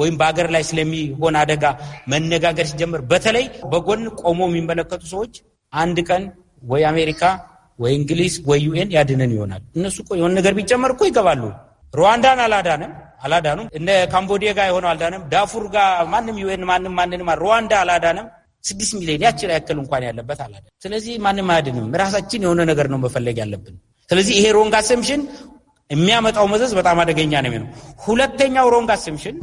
ወይም በአገር ላይ ስለሚሆን አደጋ መነጋገር ሲጀምር በተለይ በጎን ቆሞ የሚመለከቱ ሰዎች አንድ ቀን ወይ አሜሪካ ወይ እንግሊዝ ወይ ዩኤን ያድነን ይሆናል። እነሱ እኮ የሆነ ነገር ቢጨመር እኮ ይገባሉ። ሩዋንዳን አላዳንም አላዳኑም። እነ ካምቦዲያ ጋር የሆነው አልዳንም። ዳፉር ጋር ማንም ዩኤን ማንም ማንንም ሩዋንዳ አላዳንም። ስድስት ሚሊዮን ያችን ያክል እንኳን ያለበት አላዳንም። ስለዚህ ማንም አያድንም። ራሳችን የሆነ ነገር ነው መፈለግ ያለብን። ስለዚህ ይሄ ሮንግ አሰምሽን የሚያመጣው መዘዝ በጣም አደገኛ ነው የሚሆነው። ሁለተኛው ሮንግ አሰምሽን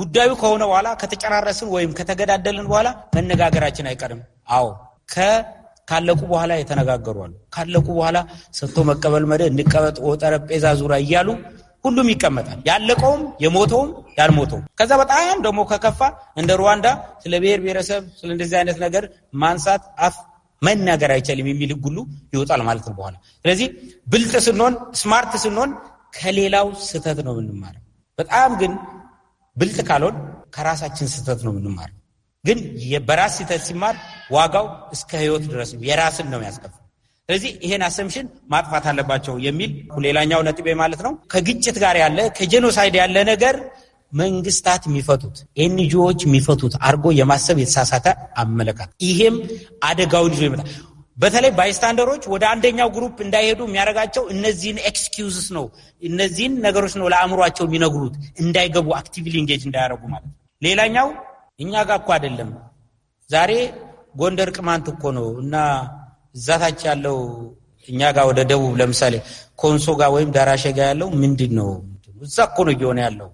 ጉዳዩ ከሆነ በኋላ ከተጨራረስን ወይም ከተገዳደልን በኋላ መነጋገራችን አይቀርም። አዎ ከ ካለቁ በኋላ የተነጋገሩ አሉ። ካለቁ በኋላ ሰጥቶ መቀበል መደ እንቀመጥ ጠረጴዛ ዙሪያ እያሉ ሁሉም ይቀመጣል። ያለቀውም የሞተውም ያልሞተውም። ከዛ በጣም ደግሞ ከከፋ እንደ ሩዋንዳ ስለ ብሔር ብሔረሰብ ስለ እንደዚህ አይነት ነገር ማንሳት አፍ መናገር አይቻልም የሚል ሕግ ሁሉ ይወጣል ማለት ነው በኋላ። ስለዚህ ብልጥ ስንሆን ስማርት ስንሆን ከሌላው ስህተት ነው የምንማረው። በጣም ግን ብልጥ ካልሆን ከራሳችን ስህተት ነው የምንማረው። ግን በራስ ሲተ ሲማር ዋጋው እስከ ህይወት ድረስ ነው። የራስን ነው ያስከፍል። ስለዚህ ይሄን አሰምሽን ማጥፋት አለባቸው የሚል ሌላኛው ነጥቤ ማለት ነው። ከግጭት ጋር ያለ ከጄኖሳይድ ያለ ነገር መንግስታት የሚፈቱት ኤንጂዎች የሚፈቱት አድርጎ የማሰብ የተሳሳተ አመለካከት፣ ይሄም አደጋውን ይዞ ይመጣል። በተለይ ባይስታንደሮች ወደ አንደኛው ግሩፕ እንዳይሄዱ የሚያደርጋቸው እነዚህን ኤክስኪውዝስ ነው፣ እነዚህን ነገሮች ነው ለአእምሯቸው የሚነግሩት እንዳይገቡ አክቲቭሊ ኢንጌጅ እንዳያደርጉ ማለት ነው። ሌላኛው እኛ ጋር እኮ አይደለም። ዛሬ ጎንደር ቅማንት እኮ ነው እና እዛታች ያለው እኛ ጋር ወደ ደቡብ ለምሳሌ ኮንሶ ጋር ወይም ዳራሸ ጋር ያለው ምንድን ነው? እዛ እኮ ነው እየሆነ ያለው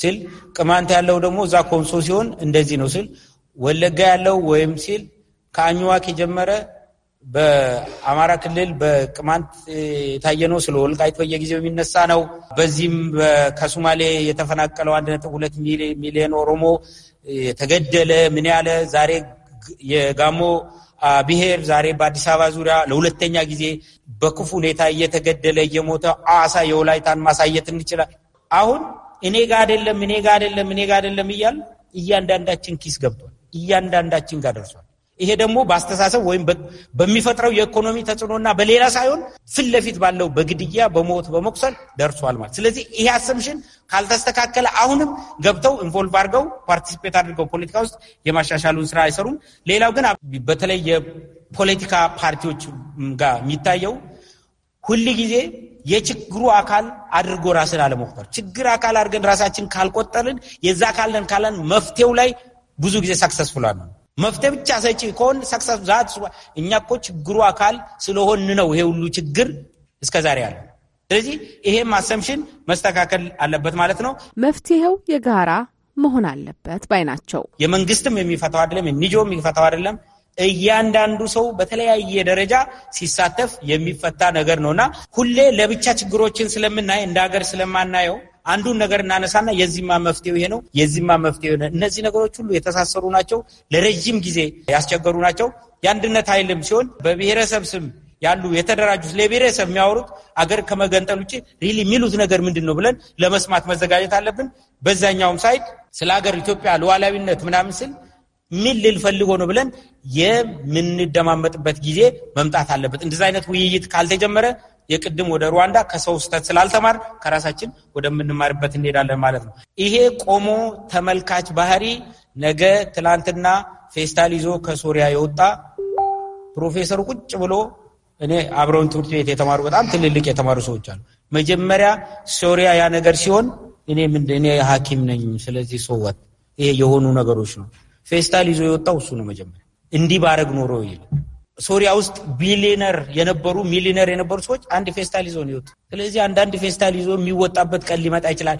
ሲል ቅማንት ያለው ደግሞ እዛ ኮንሶ ሲሆን እንደዚህ ነው ሲል ወለጋ ያለው ወይም ሲል ከአኝዋክ የጀመረ በአማራ ክልል በቅማንት የታየ ነው። ስለ ወልቃይት በየጊዜው የሚነሳ ነው። በዚህም ከሱማሌ የተፈናቀለው አንድ ነጥብ ሁለት ሚሊዮን ኦሮሞ የተገደለ ምን ያለ ዛሬ የጋሞ ብሔር ዛሬ በአዲስ አበባ ዙሪያ ለሁለተኛ ጊዜ በክፉ ሁኔታ እየተገደለ እየሞተ አዋሳ የወላይታን ማሳየት እንችላል። አሁን እኔ ጋ አደለም እኔ ጋ አደለም እኔ ጋ አደለም እያል እያንዳንዳችን ኪስ ገብቷል። እያንዳንዳችን ጋር ደርሷል። ይሄ ደግሞ በአስተሳሰብ ወይም በሚፈጥረው የኢኮኖሚ ተጽዕኖና በሌላ ሳይሆን ፊት ለፊት ባለው በግድያ በሞት በመቁሰል ደርሷል ማለት። ስለዚህ ይሄ አሰምሽን ካልተስተካከለ አሁንም ገብተው ኢንቮልቭ አድርገው ፓርቲሲፔት አድርገው ፖለቲካ ውስጥ የማሻሻሉን ስራ አይሰሩም። ሌላው ግን በተለይ የፖለቲካ ፓርቲዎች ጋር የሚታየው ሁል ጊዜ የችግሩ አካል አድርጎ ራስን አለመቁጠር፣ ችግር አካል አድርገን ራሳችን ካልቆጠርን የዛ አካልን ካለን መፍትሄው ላይ ብዙ ጊዜ ሰክሰስፉል ነው መፍትሄ ብቻ ሰጪ ከሆን ሰክሰስ ዛት እኛ እኮ ችግሩ አካል ስለሆን ነው ይሄ ሁሉ ችግር ዛሬ ያለ። ስለዚህ ይሄም አሰምሽን መስተካከል አለበት ማለት ነው። መፍትሄው የጋራ መሆን አለበት ባይ ናቸው። የመንግስትም የሚፈታው አይደለም፣ የኒጆም የሚፈታው አይደለም። እያንዳንዱ ሰው በተለያየ ደረጃ ሲሳተፍ የሚፈታ ነገር ነውና ሁሌ ለብቻ ችግሮችን ስለምናይ እንደ ሀገር ስለማናየው አንዱን ነገር እናነሳና የዚህማ መፍትሄው ይሄ ነው፣ የዚህማ መፍትሄው ነው። እነዚህ ነገሮች ሁሉ የተሳሰሩ ናቸው፣ ለረጅም ጊዜ ያስቸገሩ ናቸው። የአንድነት ኃይልም ሲሆን በብሔረሰብ ስም ያሉ የተደራጁት ለብሔረሰብ የሚያወሩት አገር ከመገንጠል ውጭ ሪሊ የሚሉት ነገር ምንድን ነው ብለን ለመስማት መዘጋጀት አለብን። በዛኛውም ሳይድ ስለ ሀገር ኢትዮጵያ ሉዓላዊነት ምናምን ስል ምን ልልፈልጎ ነው ብለን የምንደማመጥበት ጊዜ መምጣት አለበት። እንደዚ አይነት ውይይት ካልተጀመረ የቅድም ወደ ሩዋንዳ ከሰው ስህተት ስላልተማር ከራሳችን ወደምንማርበት እንሄዳለን ማለት ነው። ይሄ ቆሞ ተመልካች ባህሪ ነገ ትላንትና ፌስታል ይዞ ከሶሪያ የወጣ ፕሮፌሰሩ ቁጭ ብሎ እኔ አብረውን ትምህርት ቤት የተማሩ በጣም ትልልቅ የተማሩ ሰዎች አሉ። መጀመሪያ ሶሪያ ያ ነገር ሲሆን እኔ ምንድን እኔ ሐኪም ነኝ ስለዚህ ሰወት ይሄ የሆኑ ነገሮች ነው። ፌስታል ይዞ የወጣው እሱ ነው። መጀመሪያ እንዲህ ባረግ ኖሮ ይል ሶሪያ ውስጥ ቢሊነር የነበሩ ሚሊነር የነበሩ ሰዎች አንድ ፌስታል ይዞ ነው ይወጡ። ስለዚህ አንዳንድ ፌስታል ይዞ የሚወጣበት ቀን ሊመጣ ይችላል።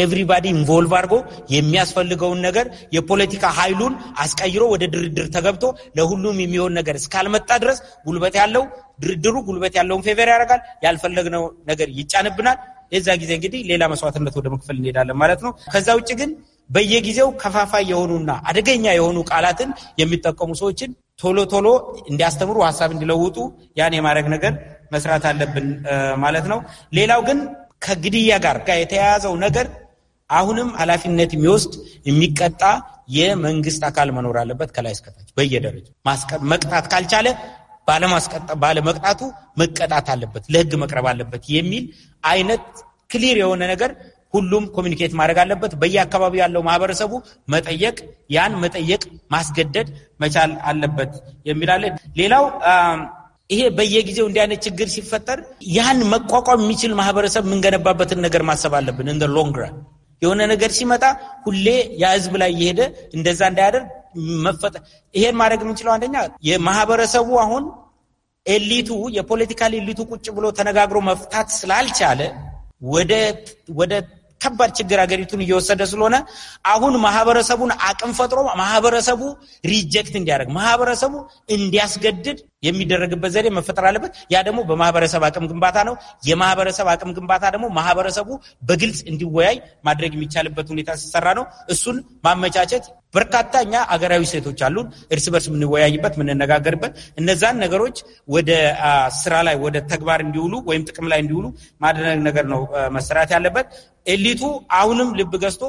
ኤቭሪባዲ ኢንቮልቭ አድርጎ የሚያስፈልገውን ነገር የፖለቲካ ኃይሉን አስቀይሮ ወደ ድርድር ተገብቶ ለሁሉም የሚሆን ነገር እስካልመጣ ድረስ ጉልበት ያለው ድርድሩ ጉልበት ያለውን ፌቨር ያደርጋል። ያልፈለግነው ነገር ይጫንብናል። የዛ ጊዜ እንግዲህ ሌላ መስዋዕትነት ወደ መክፈል እንሄዳለን ማለት ነው። ከዛ ውጭ ግን በየጊዜው ከፋፋይ የሆኑና አደገኛ የሆኑ ቃላትን የሚጠቀሙ ሰዎችን ቶሎ ቶሎ እንዲያስተምሩ ሀሳብ እንዲለውጡ ያን የማድረግ ነገር መስራት አለብን ማለት ነው። ሌላው ግን ከግድያ ጋር ጋር የተያያዘው ነገር አሁንም ኃላፊነት የሚወስድ የሚቀጣ የመንግስት አካል መኖር አለበት። ከላይ እስከታች በየደረጃ መቅጣት ካልቻለ ባለመቅጣቱ መቀጣት አለበት፣ ለህግ መቅረብ አለበት የሚል አይነት ክሊር የሆነ ነገር ሁሉም ኮሚኒኬት ማድረግ አለበት። በየአካባቢው ያለው ማህበረሰቡ መጠየቅ ያን መጠየቅ ማስገደድ መቻል አለበት የሚላለ ሌላው ይሄ በየጊዜው እንዲህ አይነት ችግር ሲፈጠር ያን መቋቋም የሚችል ማህበረሰብ የምንገነባበትን ነገር ማሰብ አለብን። እንደ ሎንግ ራን የሆነ ነገር ሲመጣ ሁሌ የህዝብ ላይ እየሄደ እንደዛ እንዳያደርግ መፈጠ ይሄን ማድረግ የምንችለው አንደኛ የማህበረሰቡ አሁን ኤሊቱ የፖለቲካል ኤሊቱ ቁጭ ብሎ ተነጋግሮ መፍታት ስላልቻለ ወደ ከባድ ችግር ሀገሪቱን እየወሰደ ስለሆነ አሁን ማህበረሰቡን አቅም ፈጥሮ ማህበረሰቡ ሪጀክት እንዲያደርግ ማህበረሰቡ እንዲያስገድድ የሚደረግበት ዘዴ መፈጠር አለበት። ያ ደግሞ በማህበረሰብ አቅም ግንባታ ነው። የማህበረሰብ አቅም ግንባታ ደግሞ ማህበረሰቡ በግልጽ እንዲወያይ ማድረግ የሚቻልበት ሁኔታ ሲሰራ ነው። እሱን ማመቻቸት በርካታ እኛ አገራዊ ሴቶች አሉን፣ እርስ በርስ የምንወያይበት የምንነጋገርበት፣ እነዛን ነገሮች ወደ ስራ ላይ ወደ ተግባር እንዲውሉ ወይም ጥቅም ላይ እንዲውሉ ማድረግ ነገር ነው መሰራት ያለበት። ኤሊቱ አሁንም ልብ ገዝቶ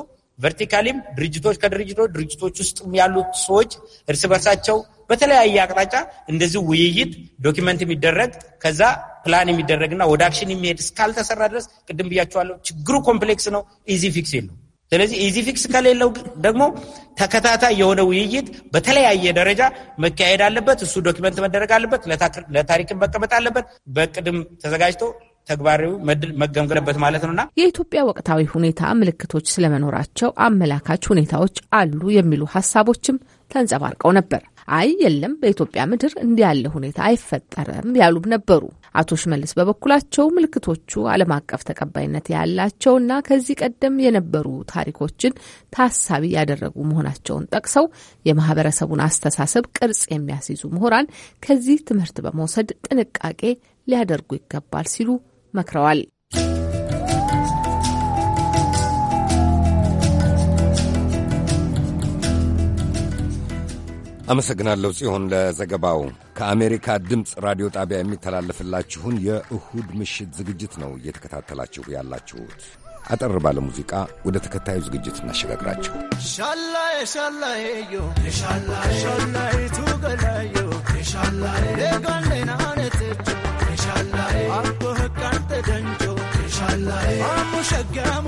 ቨርቲካሊም ድርጅቶች ከድርጅቶች ድርጅቶች ውስጥ ያሉት ሰዎች እርስ በርሳቸው በተለያየ አቅጣጫ እንደዚህ ውይይት ዶኪመንት የሚደረግ ከዛ ፕላን የሚደረግና ወደ አክሽን የሚሄድ እስካልተሰራ ድረስ ቅድም ብያቸዋለሁ፣ ችግሩ ኮምፕሌክስ ነው፣ ኢዚ ፊክስ የለው። ስለዚህ ኢዚ ፊክስ ከሌለው ደግሞ ተከታታይ የሆነ ውይይት በተለያየ ደረጃ መካሄድ አለበት። እሱ ዶኪመንት መደረግ አለበት፣ ለታሪክን መቀመጥ አለበት፣ በቅድም ተዘጋጅቶ ተግባራዊ መገምገለበት ማለት ነውና የኢትዮጵያ ወቅታዊ ሁኔታ ምልክቶች ስለመኖራቸው አመላካች ሁኔታዎች አሉ የሚሉ ሀሳቦችም ተንጸባርቀው ነበር። አይ የለም በኢትዮጵያ ምድር እንዲህ ያለ ሁኔታ አይፈጠርም ያሉም ነበሩ። አቶ ሽመልስ በበኩላቸው ምልክቶቹ ዓለም አቀፍ ተቀባይነት ያላቸውና ከዚህ ቀደም የነበሩ ታሪኮችን ታሳቢ ያደረጉ መሆናቸውን ጠቅሰው የማህበረሰቡን አስተሳሰብ ቅርጽ የሚያስይዙ ምሁራን ከዚህ ትምህርት በመውሰድ ጥንቃቄ ሊያደርጉ ይገባል ሲሉ መክረዋል። አመሰግናለሁ ጽዮን ለዘገባው። ከአሜሪካ ድምፅ ራዲዮ ጣቢያ የሚተላለፍላችሁን የእሁድ ምሽት ዝግጅት ነው እየተከታተላችሁ ያላችሁት። አጠር ባለ ሙዚቃ ወደ ተከታዩ ዝግጅት እናሸጋግራችሁ። ሻላይ ሻላዬዮ ሻላይቱ ገላዮ ጋንዴና ነትጆ አቦ ህቃንተ ደንጆ አሙ ሸጋሙ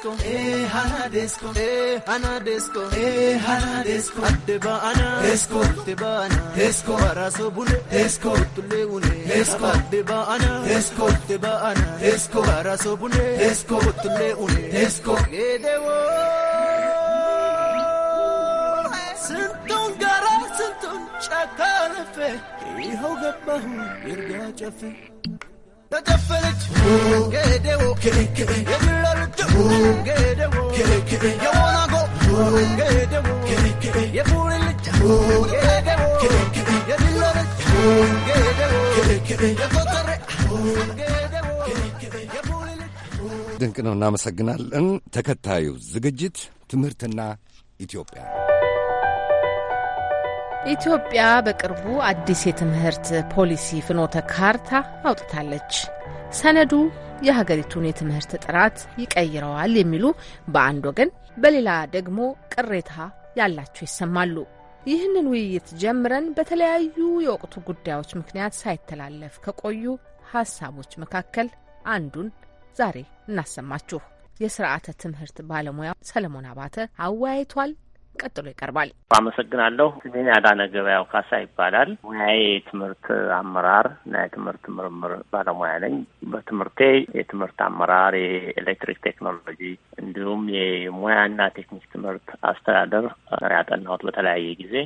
disco, eh, hana disco, eh, hana disco, eh, hana disco. Atte ana disco, atte ana disco. Baraso bune, disco, tule une, disco. Atte ana disco, atte ana disco. Baraso bune, disco, tule une, disco. Gede wo, sintun gara, sintun chakarafe, iho gabahu, irga chafe. ድንቅ ነው። እናመሰግናለን። ተከታዩ ዝግጅት ትምህርትና ኢትዮጵያ ኢትዮጵያ በቅርቡ አዲስ የትምህርት ፖሊሲ ፍኖተ ካርታ አውጥታለች። ሰነዱ የሀገሪቱን የትምህርት ጥራት ይቀይረዋል የሚሉ በአንድ ወገን፣ በሌላ ደግሞ ቅሬታ ያላቸው ይሰማሉ። ይህንን ውይይት ጀምረን በተለያዩ የወቅቱ ጉዳዮች ምክንያት ሳይተላለፍ ከቆዩ ሀሳቦች መካከል አንዱን ዛሬ እናሰማችሁ። የስርዓተ ትምህርት ባለሙያ ሰለሞን አባተ አወያይቷል። ቀጥሎ ይቀርባል። አመሰግናለሁ። ስሜን አዳነ ገበያው ካሳ ይባላል። ሙያዬ የትምህርት አመራር እና የትምህርት ምርምር ባለሙያ ነኝ። በትምህርቴ የትምህርት አመራር፣ የኤሌክትሪክ ቴክኖሎጂ እንዲሁም የሙያና ቴክኒክ ትምህርት አስተዳደር ያጠናሁት በተለያየ ጊዜ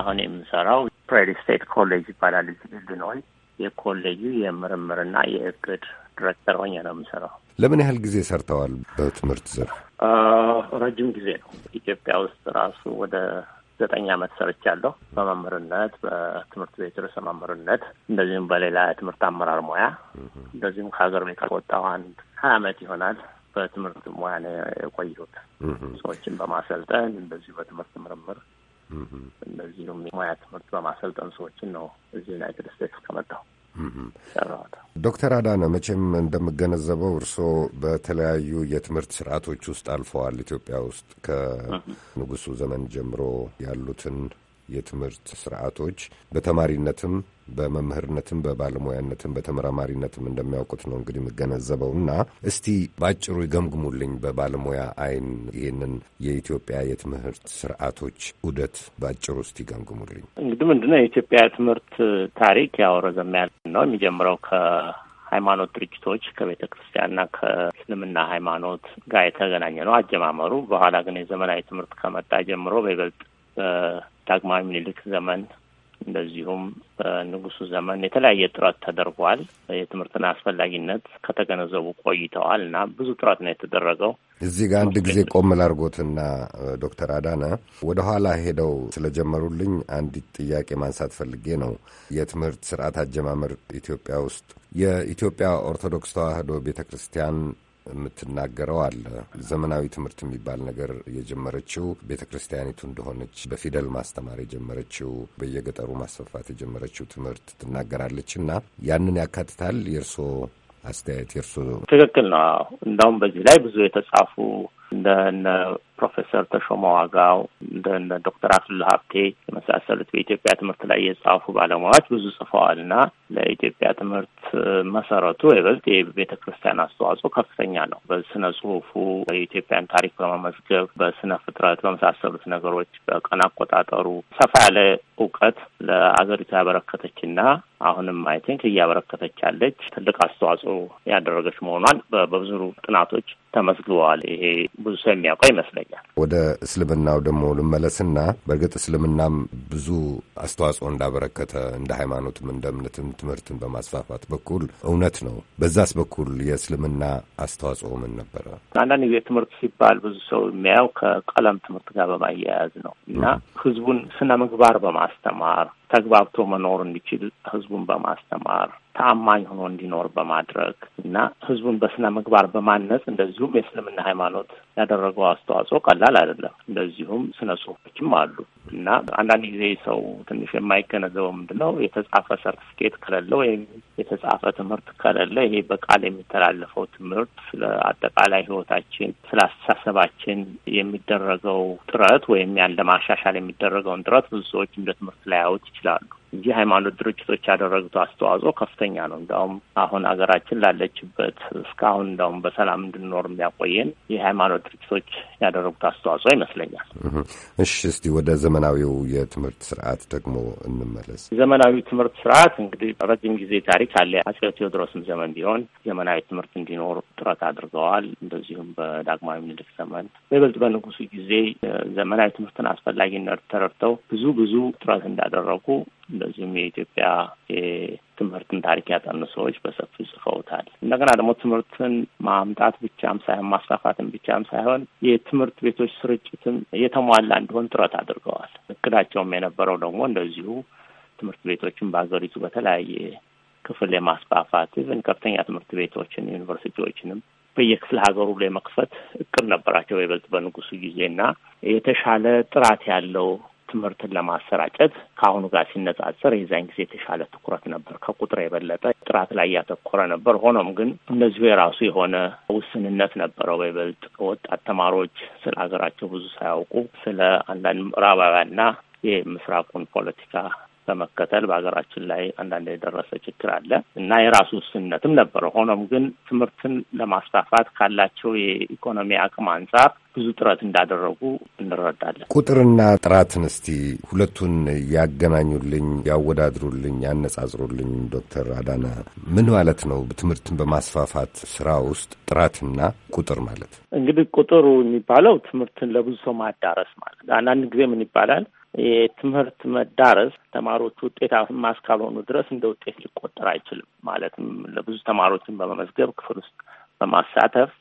አሁን የምሰራው ፕሬሪ ስቴት ኮሌጅ ይባላል ኢሊኖይ የኮሌጁ የምርምርና የእቅድ ዲሬክተር ሆኜ ነው የምሰራው። ለምን ያህል ጊዜ ሰርተዋል በትምህርት ዘርፍ? ረጅም ጊዜ ነው። ኢትዮጵያ ውስጥ ራሱ ወደ ዘጠኝ ዓመት ሰርቻለሁ በመምህርነት በትምህርት ቤት ርዕሰ መምህርነት፣ እንደዚሁም በሌላ የትምህርት አመራር ሙያ፣ እንደዚሁም ከሀገር ቤት ከወጣሁ አንድ ሀያ ዓመት ይሆናል በትምህርት ሙያ ነው የቆየሁት። ሰዎችን በማሰልጠን እንደዚሁ በትምህርት ምርምር እንደዚሁም ሙያ ትምህርት በማሰልጠን ሰዎችን ነው እዚህ ዩናይትድ ስቴትስ ከመጣሁ ዶክተር አዳነ መቼም እንደምገነዘበው እርስዎ በተለያዩ የትምህርት ስርዓቶች ውስጥ አልፈዋል። ኢትዮጵያ ውስጥ ከንጉሱ ዘመን ጀምሮ ያሉትን የትምህርት ስርዓቶች በተማሪነትም በመምህርነትም በባለሙያነትም በተመራማሪነትም እንደሚያውቁት ነው እንግዲህ የምገነዘበው እና እስቲ ባጭሩ ይገምግሙልኝ በባለሙያ አይን ይህንን የኢትዮጵያ የትምህርት ስርዓቶች ውደት ባጭሩ እስቲ ገምግሙልኝ። እንግዲህ ምንድነው የኢትዮጵያ ትምህርት ታሪክ ያው ረዘም ያለ ነው። የሚጀምረው ከሃይማኖት ድርጅቶች ከቤተ ክርስቲያንና ከእስልምና ሃይማኖት ጋር የተገናኘ ነው አጀማመሩ። በኋላ ግን የዘመናዊ ትምህርት ከመጣ ጀምሮ በይበልጥ በዳግማዊ ምኒልክ ዘመን እንደዚሁም በንጉሱ ዘመን የተለያየ ጥረት ተደርጓል። የትምህርትን አስፈላጊነት ከተገነዘቡ ቆይተዋል እና ብዙ ጥረት ነው የተደረገው። እዚህ ጋር አንድ ጊዜ ቆም ላድርጎትና ዶክተር አዳነ ወደ ኋላ ሄደው ስለጀመሩልኝ አንዲት ጥያቄ ማንሳት ፈልጌ ነው። የትምህርት ስርዓት አጀማመር ኢትዮጵያ ውስጥ የኢትዮጵያ ኦርቶዶክስ ተዋሕዶ ቤተ ክርስቲያን የምትናገረው አለ። ዘመናዊ ትምህርት የሚባል ነገር የጀመረችው ቤተ ክርስቲያኒቱ እንደሆነች በፊደል ማስተማር የጀመረችው በየገጠሩ ማስፋፋት የጀመረችው ትምህርት ትናገራለች እና ያንን ያካትታል የእርሶ አስተያየት የእርሶ? ትክክል ነው። እንዳውም በዚህ ላይ ብዙ የተጻፉ እንደነ ፕሮፌሰር ተሾመ ዋጋው እንደነ ዶክተር አክሊሉ ሀብቴ የመሳሰሉት በኢትዮጵያ ትምህርት ላይ የጻፉ ባለሙያዎች ብዙ ጽፈዋል እና ለኢትዮጵያ ትምህርት መሰረቱ ይበልጥ የቤተ ክርስቲያን አስተዋጽኦ ከፍተኛ ነው። በስነ ጽሁፉ የኢትዮጵያን ታሪክ በመመዝገብ በስነ ፍጥረት በመሳሰሉት ነገሮች በቀን አቆጣጠሩ ሰፋ ያለ እውቀት ለአገሪቱ ያበረከተችና አሁንም አይ ቲንክ እያበረከተች ያለች ትልቅ አስተዋጽኦ ያደረገች መሆኗን በብዙ ጥናቶች ተመስግበዋል። ይሄ ብዙ ሰው የሚያውቀው ይመስለኛል። ወደ እስልምናው ደግሞ ልመለስና በእርግጥ እስልምናም ብዙ አስተዋጽኦ እንዳበረከተ እንደ ሃይማኖትም እንደ እምነትም ትምህርትን በማስፋፋት በኩል እውነት ነው። በዛስ በኩል የእስልምና አስተዋጽኦ ምን ነበረ? አንዳንድ ጊዜ ትምህርት ሲባል ብዙ ሰው የሚያየው ከቀለም ትምህርት ጋር በማያያዝ ነው እና ህዝቡን ስነ ምግባር በማስተማር ተግባብቶ መኖር እንዲችል ህዝቡን በማስተማር ታማኝ ሆኖ እንዲኖር በማድረግ እና ህዝቡን በስነ ምግባር በማነጽ እንደዚሁም የእስልምና ሃይማኖት ያደረገው አስተዋጽኦ ቀላል አይደለም። እንደዚሁም ስነ ጽሁፎችም አሉ እና አንዳንድ ጊዜ ሰው ትንሽ የማይገነዘበው ምንድን ነው የተጻፈ ሰርቲፊኬት ከሌለ ወይም የተጻፈ ትምህርት ከሌለ ይሄ በቃል የሚተላለፈው ትምህርት ስለ አጠቃላይ ህይወታችን፣ ስለ አስተሳሰባችን የሚደረገው ጥረት ወይም ያን ለማሻሻል የሚደረገውን ጥረት ብዙ ሰዎች እንደ ትምህርት ላያዩት ይችላሉ። እንጂ ሃይማኖት ድርጅቶች ያደረጉት አስተዋጽኦ ከፍተኛ ነው። እንዲሁም አሁን ሀገራችን ላለችበት እስካሁን እንዲሁም በሰላም እንድንኖር የሚያቆየን የሃይማኖት ድርጅቶች ያደረጉት አስተዋጽኦ ይመስለኛል። እሺ፣ እስቲ ወደ ዘመናዊው የትምህርት ስርዓት ደግሞ እንመለስ። ዘመናዊ ትምህርት ስርዓት እንግዲህ ረጅም ጊዜ ታሪክ አለ። አጼ ቴዎድሮስም ዘመን ቢሆን ዘመናዊ ትምህርት እንዲኖር ጥረት አድርገዋል። እንደዚሁም በዳግማዊ ምኒልክ ዘመን በይበልጥ በንጉሱ ጊዜ ዘመናዊ ትምህርትን አስፈላጊነት ተረድተው ብዙ ብዙ ጥረት እንዳደረጉ እንደዚሁም የኢትዮጵያ የትምህርትን ታሪክ ያጠኑ ሰዎች በሰፊው ጽፈውታል። እንደገና ደግሞ ትምህርትን ማምጣት ብቻም ሳይሆን ማስፋፋትን ብቻም ሳይሆን የትምህርት ቤቶች ስርጭትም የተሟላ እንዲሆን ጥረት አድርገዋል። እቅዳቸውም የነበረው ደግሞ እንደዚሁ ትምህርት ቤቶችን በሀገሪቱ በተለያየ ክፍል የማስፋፋት ኢቨን ከፍተኛ ትምህርት ቤቶችን ዩኒቨርሲቲዎችንም በየክፍለ ሀገሩ ላይ መክፈት እቅድ ነበራቸው። ይበልጥ በንጉሱ ጊዜ እና የተሻለ ጥራት ያለው ትምህርትን ለማሰራጨት ከአሁኑ ጋር ሲነጻጸር የዛን ጊዜ የተሻለ ትኩረት ነበር። ከቁጥር የበለጠ ጥራት ላይ ያተኮረ ነበር። ሆኖም ግን እነዚሁ የራሱ የሆነ ውስንነት ነበረው። በይበልጥ ወጣት ተማሪዎች ስለ ሀገራቸው ብዙ ሳያውቁ ስለ አንዳንድ ምዕራባውያንና የምስራቁን ፖለቲካ በመከተል በሀገራችን ላይ አንዳንድ የደረሰ ችግር አለ እና የራሱ ውስንነትም ነበረ። ሆኖም ግን ትምህርትን ለማስፋፋት ካላቸው የኢኮኖሚ አቅም አንጻር ብዙ ጥረት እንዳደረጉ እንረዳለን። ቁጥርና ጥራትን እስቲ ሁለቱን ያገናኙልኝ፣ ያወዳድሩልኝ፣ ያነጻጽሩልኝ። ዶክተር አዳና ምን ማለት ነው ትምህርትን በማስፋፋት ስራ ውስጥ ጥራትና ቁጥር ማለት? እንግዲህ ቁጥሩ የሚባለው ትምህርትን ለብዙ ሰው ማዳረስ ማለት። አንዳንድ ጊዜ ምን ይባላል የትምህርት መዳረስ ተማሪዎቹ ውጤታማ እስካልሆኑ ድረስ እንደ ውጤት ሊቆጠር አይችልም። ማለትም ለብዙ ተማሪዎችን በመመዝገብ ክፍል ውስጥ በማሳተፍ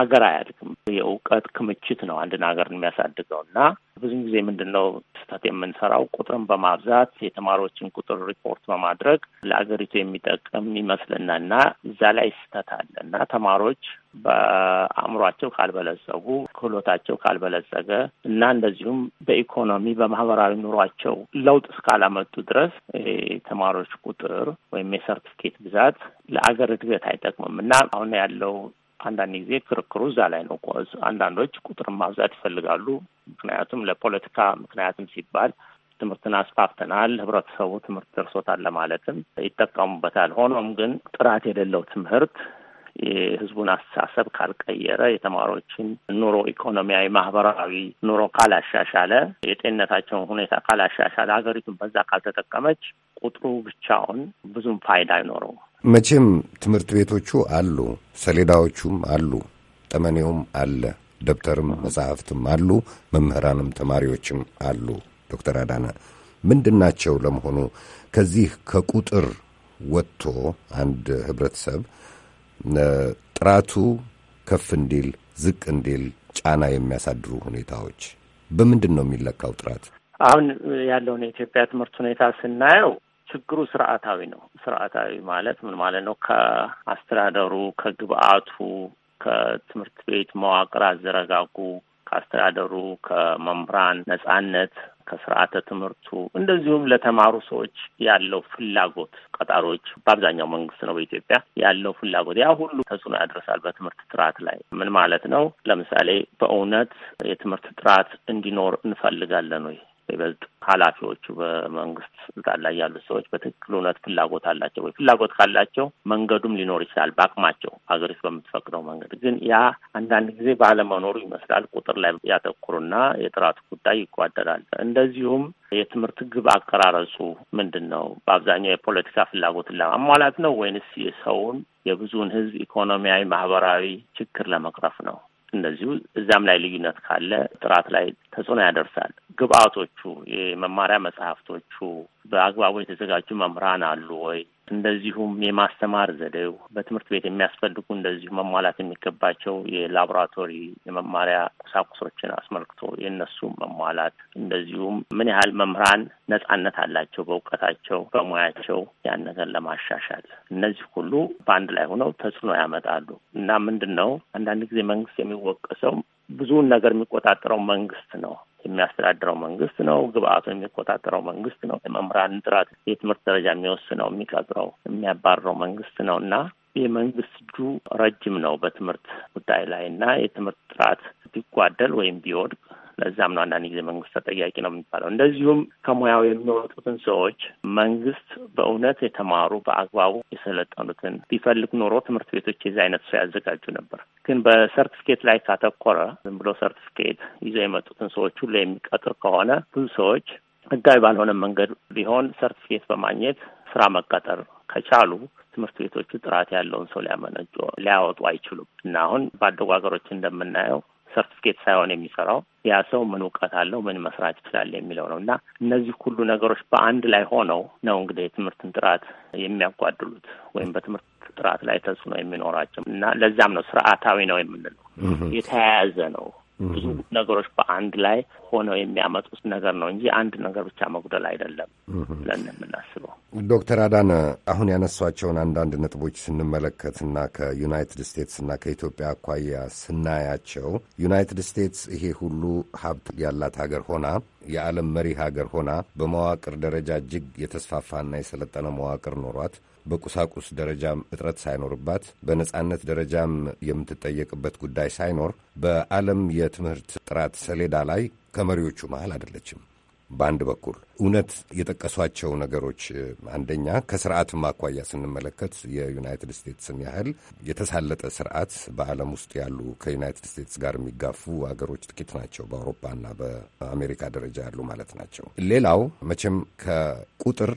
አገር አያድግም። የእውቀት ክምችት ነው አንድን ሀገር የሚያሳድገው እና ብዙን ጊዜ ምንድን ነው ለማበርታት የምንሰራው ቁጥርን በማብዛት የተማሪዎችን ቁጥር ሪፖርት በማድረግ ለአገሪቱ የሚጠቅም ይመስልና እና እዛ ላይ ስህተት አለ እና ተማሪዎች በአእምሯቸው ካልበለጸጉ ክህሎታቸው ካልበለጸገ እና እንደዚሁም በኢኮኖሚ በማህበራዊ ኑሯቸው ለውጥ እስካላመጡ ድረስ የተማሪዎች ቁጥር ወይም የሰርቲፊኬት ብዛት ለአገር እድገት አይጠቅምም እና አሁን ያለው አንዳንድ ጊዜ ክርክሩ እዛ ላይ ነው። አንዳንዶች ቁጥርን ማብዛት ይፈልጋሉ። ምክንያቱም ለፖለቲካ ምክንያትም ሲባል ትምህርትን አስፋፍተናል፣ ህብረተሰቡ ትምህርት ደርሶታል ለማለትም ይጠቀሙበታል። ሆኖም ግን ጥራት የሌለው ትምህርት የህዝቡን አስተሳሰብ ካልቀየረ፣ የተማሪዎችን ኑሮ ኢኮኖሚያዊ፣ ማህበራዊ ኑሮ ካላሻሻለ፣ የጤንነታቸውን ሁኔታ ካላሻሻለ፣ ሀገሪቱን በዛ ካልተጠቀመች ቁጥሩ ብቻውን ብዙም ፋይዳ አይኖረውም። መቼም ትምህርት ቤቶቹ አሉ፣ ሰሌዳዎቹም አሉ፣ ጠመኔውም አለ፣ ደብተርም መጽሐፍትም አሉ፣ መምህራንም ተማሪዎችም አሉ። ዶክተር አዳነ ምንድን ናቸው ለመሆኑ ከዚህ ከቁጥር ወጥቶ አንድ ህብረተሰብ ጥራቱ ከፍ እንዲል ዝቅ እንዲል ጫና የሚያሳድሩ ሁኔታዎች በምንድን ነው የሚለካው? ጥራት አሁን ያለውን የኢትዮጵያ ትምህርት ሁኔታ ስናየው ችግሩ ስርዓታዊ ነው። ስርዓታዊ ማለት ምን ማለት ነው? ከአስተዳደሩ፣ ከግብአቱ፣ ከትምህርት ቤት መዋቅር አዘረጋጉ፣ ከአስተዳደሩ፣ ከመምህራን ነጻነት ከስርዓተ ትምህርቱ እንደዚሁም ለተማሩ ሰዎች ያለው ፍላጎት ቀጣሪዎች በአብዛኛው መንግስት ነው በኢትዮጵያ ያለው ፍላጎት ያ ሁሉ ተጽዕኖ ያደርሳል በትምህርት ጥራት ላይ። ምን ማለት ነው? ለምሳሌ በእውነት የትምህርት ጥራት እንዲኖር እንፈልጋለን ወይ? ይበልጥ ኃላፊዎቹ በመንግስት ስልጣን ላይ ያሉት ሰዎች በትክክል እውነት ፍላጎት አላቸው ወይ? ፍላጎት ካላቸው መንገዱም ሊኖር ይችላል በአቅማቸው ሀገሪቱ በምትፈቅደው መንገድ። ግን ያ አንዳንድ ጊዜ ባለመኖሩ ይመስላል ቁጥር ላይ ያተኩሩና የጥራቱ ጉዳይ ይጓደላል። እንደዚሁም የትምህርት ግብ አቀራረጹ ምንድን ነው? በአብዛኛው የፖለቲካ ፍላጎትን ለማሟላት ነው ወይንስ የሰውን የብዙውን ህዝብ ኢኮኖሚያዊ፣ ማህበራዊ ችግር ለመቅረፍ ነው? እንደዚሁ እዚያም ላይ ልዩነት ካለ ጥራት ላይ ተጽዕኖ ያደርሳል። ግብአቶቹ የመማሪያ መጽሐፍቶቹ በአግባቡ የተዘጋጁ መምህራን አሉ ወይ? እንደዚሁም የማስተማር ዘዴው በትምህርት ቤት የሚያስፈልጉ እንደዚሁ መሟላት የሚገባቸው የላቦራቶሪ የመማሪያ ቁሳቁሶችን አስመልክቶ የእነሱ መሟላት፣ እንደዚሁም ምን ያህል መምህራን ነጻነት አላቸው በእውቀታቸው በሙያቸው ያን ነገር ለማሻሻል እነዚህ ሁሉ በአንድ ላይ ሆነው ተጽዕኖ ያመጣሉ እና ምንድን ነው አንዳንድ ጊዜ መንግስት የሚወቀሰው ብዙውን ነገር የሚቆጣጠረው መንግስት ነው የሚያስተዳድረው መንግስት ነው። ግብአቱ የሚቆጣጠረው መንግስት ነው። የመምህራን ጥራት፣ የትምህርት ደረጃ የሚወስነው የሚቀጥረው፣ የሚያባረው መንግስት ነው እና የመንግስት እጁ ረጅም ነው በትምህርት ጉዳይ ላይ እና የትምህርት ጥራት ቢጓደል ወይም ቢወድቅ ለዛም ነው አንዳንድ ጊዜ መንግስት ተጠያቂ ነው የሚባለው። እንደዚሁም ከሙያው የሚወጡትን ሰዎች መንግስት በእውነት የተማሩ በአግባቡ የሰለጠኑትን ቢፈልግ ኖሮ ትምህርት ቤቶች የዚህ አይነት ሰው ያዘጋጁ ነበር። ግን በሰርቲፊኬት ላይ ካተኮረ ዝም ብሎ ሰርቲፊኬት ይዞ የመጡትን ሰዎች ሁሉ የሚቀጥር ከሆነ ብዙ ሰዎች ህጋዊ ባልሆነ መንገድ ቢሆን ሰርቲፊኬት በማግኘት ስራ መቀጠር ከቻሉ ትምህርት ቤቶቹ ጥራት ያለውን ሰው ሊያመነጩ ሊያወጡ አይችሉም እና አሁን ባደጉ ሀገሮች እንደምናየው ሰርቲፊኬት ሳይሆን የሚሰራው ያ ሰው ምን እውቀት አለው፣ ምን መስራት ይችላል የሚለው ነው እና እነዚህ ሁሉ ነገሮች በአንድ ላይ ሆነው ነው እንግዲህ የትምህርትን ጥራት የሚያጓድሉት ወይም በትምህርት ጥራት ላይ ተጽዕኖ የሚኖራቸው እና ለዛም ነው ስርዓታዊ ነው የምንለው የተያያዘ ነው ብዙ ነገሮች በአንድ ላይ ሆነው የሚያመጡት ነገር ነው እንጂ አንድ ነገር ብቻ መጉደል አይደለም ብለን የምናስበው። ዶክተር አዳነ አሁን ያነሷቸውን አንዳንድ ነጥቦች ስንመለከትና ከዩናይትድ ስቴትስ እና ከኢትዮጵያ አኳያ ስናያቸው ዩናይትድ ስቴትስ ይሄ ሁሉ ሀብት ያላት ሀገር ሆና የዓለም መሪ ሀገር ሆና በመዋቅር ደረጃ እጅግ የተስፋፋና የሰለጠነ መዋቅር ኖሯት በቁሳቁስ ደረጃም እጥረት ሳይኖርባት በነጻነት ደረጃም የምትጠየቅበት ጉዳይ ሳይኖር በዓለም የትምህርት ጥራት ሰሌዳ ላይ ከመሪዎቹ መሃል አይደለችም። በአንድ በኩል እውነት የጠቀሷቸው ነገሮች አንደኛ ከስርዓትም አኳያ ስንመለከት የዩናይትድ ስቴትስን ያህል የተሳለጠ ስርዓት በዓለም ውስጥ ያሉ ከዩናይትድ ስቴትስ ጋር የሚጋፉ ሀገሮች ጥቂት ናቸው። በአውሮፓና በአሜሪካ ደረጃ ያሉ ማለት ናቸው። ሌላው መቼም ከቁጥር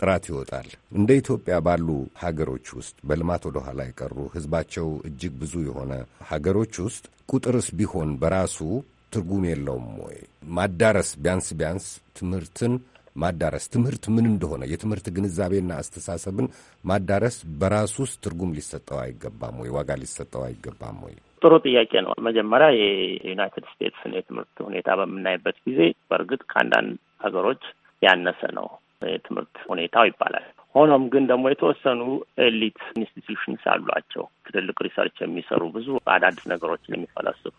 ጥራት ይወጣል። እንደ ኢትዮጵያ ባሉ ሀገሮች ውስጥ በልማት ወደ ኋላ የቀሩ ህዝባቸው እጅግ ብዙ የሆነ ሀገሮች ውስጥ ቁጥርስ ቢሆን በራሱ ትርጉም የለውም ወይ? ማዳረስ ቢያንስ ቢያንስ ትምህርትን ማዳረስ ትምህርት ምን እንደሆነ የትምህርት ግንዛቤና አስተሳሰብን ማዳረስ በራሱ ውስጥ ትርጉም ሊሰጠው አይገባም ወይ? ዋጋ ሊሰጠው አይገባም ወይ? ጥሩ ጥያቄ ነው። መጀመሪያ የዩናይትድ ስቴትስን የትምህርት ሁኔታ በምናይበት ጊዜ በእርግጥ ከአንዳንድ ሀገሮች ያነሰ ነው የትምህርት ሁኔታው ይባላል። ሆኖም ግን ደግሞ የተወሰኑ ኤሊት ኢንስቲትዩሽንስ አሏቸው። ትልልቅ ሪሰርች የሚሰሩ ብዙ አዳዲስ ነገሮችን የሚፈለስፉ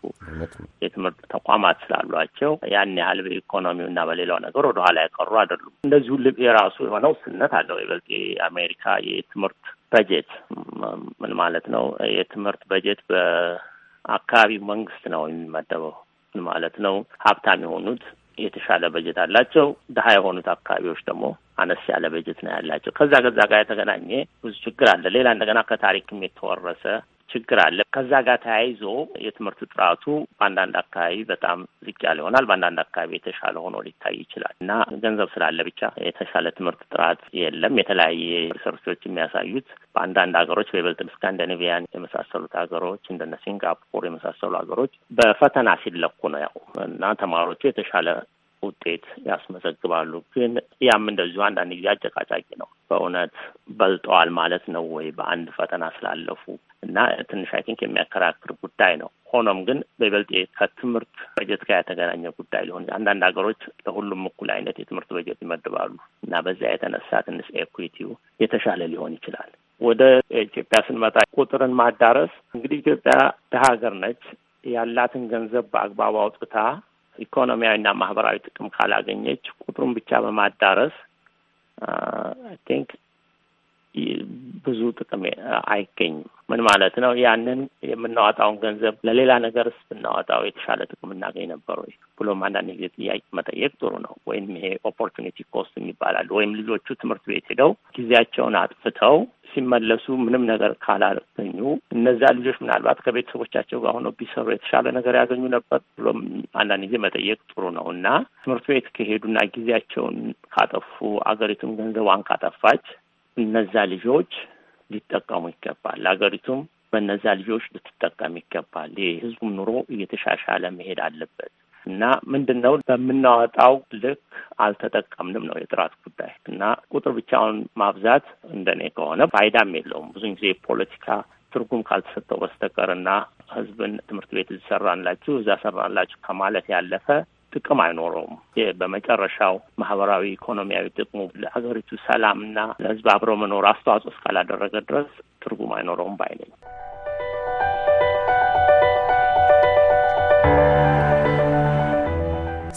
የትምህርት ተቋማት ስላሏቸው ያን ያህል በኢኮኖሚው እና በሌላው ነገር ወደ ኋላ ያቀሩ አይደሉም። እንደዚሁ የራሱ የሆነው ስነት አለው። ይበልጥ የአሜሪካ የትምህርት በጀት ምን ማለት ነው? የትምህርት በጀት በአካባቢው መንግስት ነው የሚመደበው ማለት ነው። ሀብታም የሆኑት የተሻለ በጀት አላቸው። ድሀ የሆኑት አካባቢዎች ደግሞ አነስ ያለ በጀት ነው ያላቸው። ከዛ ከዛ ጋር የተገናኘ ብዙ ችግር አለ። ሌላ እንደገና ከታሪክም የተወረሰ ችግር አለ። ከዛ ጋር ተያይዞ የትምህርት ጥራቱ በአንዳንድ አካባቢ በጣም ዝቅ ያለ ይሆናል፣ በአንዳንድ አካባቢ የተሻለ ሆኖ ሊታይ ይችላል እና ገንዘብ ስላለ ብቻ የተሻለ ትምህርት ጥራት የለም። የተለያየ ሪሰርቾች የሚያሳዩት በአንዳንድ ሀገሮች በይበልጥ ስካንዲኔቪያን የመሳሰሉት ሀገሮች እንደነ ሲንጋፖር የመሳሰሉ ሀገሮች በፈተና ሲለኩ ነው ያው እና ተማሪዎቹ የተሻለ ውጤት ያስመዘግባሉ። ግን ያም እንደዚሁ አንዳንድ ጊዜ አጨቃጫቂ ነው። በእውነት በልጠዋል ማለት ነው ወይ በአንድ ፈተና ስላለፉ እና ትንሽ አይ ቲንክ የሚያከራክር ጉዳይ ነው። ሆኖም ግን በይበልጥ ከትምህርት በጀት ጋር የተገናኘ ጉዳይ ሊሆን አንዳንድ ሀገሮች ለሁሉም እኩል አይነት የትምህርት በጀት ይመድባሉ እና በዚያ የተነሳ ትንሽ ኤኩዊቲው የተሻለ ሊሆን ይችላል። ወደ ኢትዮጵያ ስንመጣ ቁጥርን ማዳረስ እንግዲህ ኢትዮጵያ ድሀ ሀገር ነች። ያላትን ገንዘብ በአግባቡ አውጥታ ኢኮኖሚያዊና ማህበራዊ ጥቅም ካላገኘች ቁጥሩን ብቻ በማዳረስ አይ uh, ቲንክ ብዙ ጥቅም አይገኝም። ምን ማለት ነው? ያንን የምናወጣውን ገንዘብ ለሌላ ነገር ብናወጣው የተሻለ ጥቅም እናገኝ ነበር ወይ ብሎም አንዳንድ ጊዜ ጥያቄ መጠየቅ ጥሩ ነው። ወይም ይሄ ኦፖርቹኒቲ ኮስት ይባላል። ወይም ልጆቹ ትምህርት ቤት ሄደው ጊዜያቸውን አጥፍተው ሲመለሱ ምንም ነገር ካላገኙ እነዛ ልጆች ምናልባት ከቤተሰቦቻቸው ጋር ሆነው ቢሰሩ የተሻለ ነገር ያገኙ ነበር ብሎም አንዳንድ ጊዜ መጠየቅ ጥሩ ነው እና ትምህርት ቤት ከሄዱና ጊዜያቸውን ካጠፉ አገሪቱም ገንዘቧን ካጠፋች እነዛ ልጆች ሊጠቀሙ ይገባል። ሀገሪቱም በነዛ ልጆች ልትጠቀም ይገባል። የህዝቡም ኑሮ እየተሻሻለ መሄድ አለበት እና ምንድን ነው በምናወጣው ልክ አልተጠቀምንም ነው የጥራት ጉዳይ እና ቁጥር ብቻውን ማብዛት እንደኔ ከሆነ ፋይዳም የለውም። ብዙን ጊዜ ፖለቲካ ትርጉም ካልተሰጠው በስተቀር እና ህዝብን ትምህርት ቤት ሰራንላችሁ እዛ ሰራንላችሁ ከማለት ያለፈ ጥቅም አይኖረውም። በመጨረሻው ማህበራዊ፣ ኢኮኖሚያዊ ጥቅሙ ለሀገሪቱ ሰላምና ለህዝብ አብሮ መኖር አስተዋጽኦ እስካላደረገ ድረስ ትርጉም አይኖረውም ባይነኝ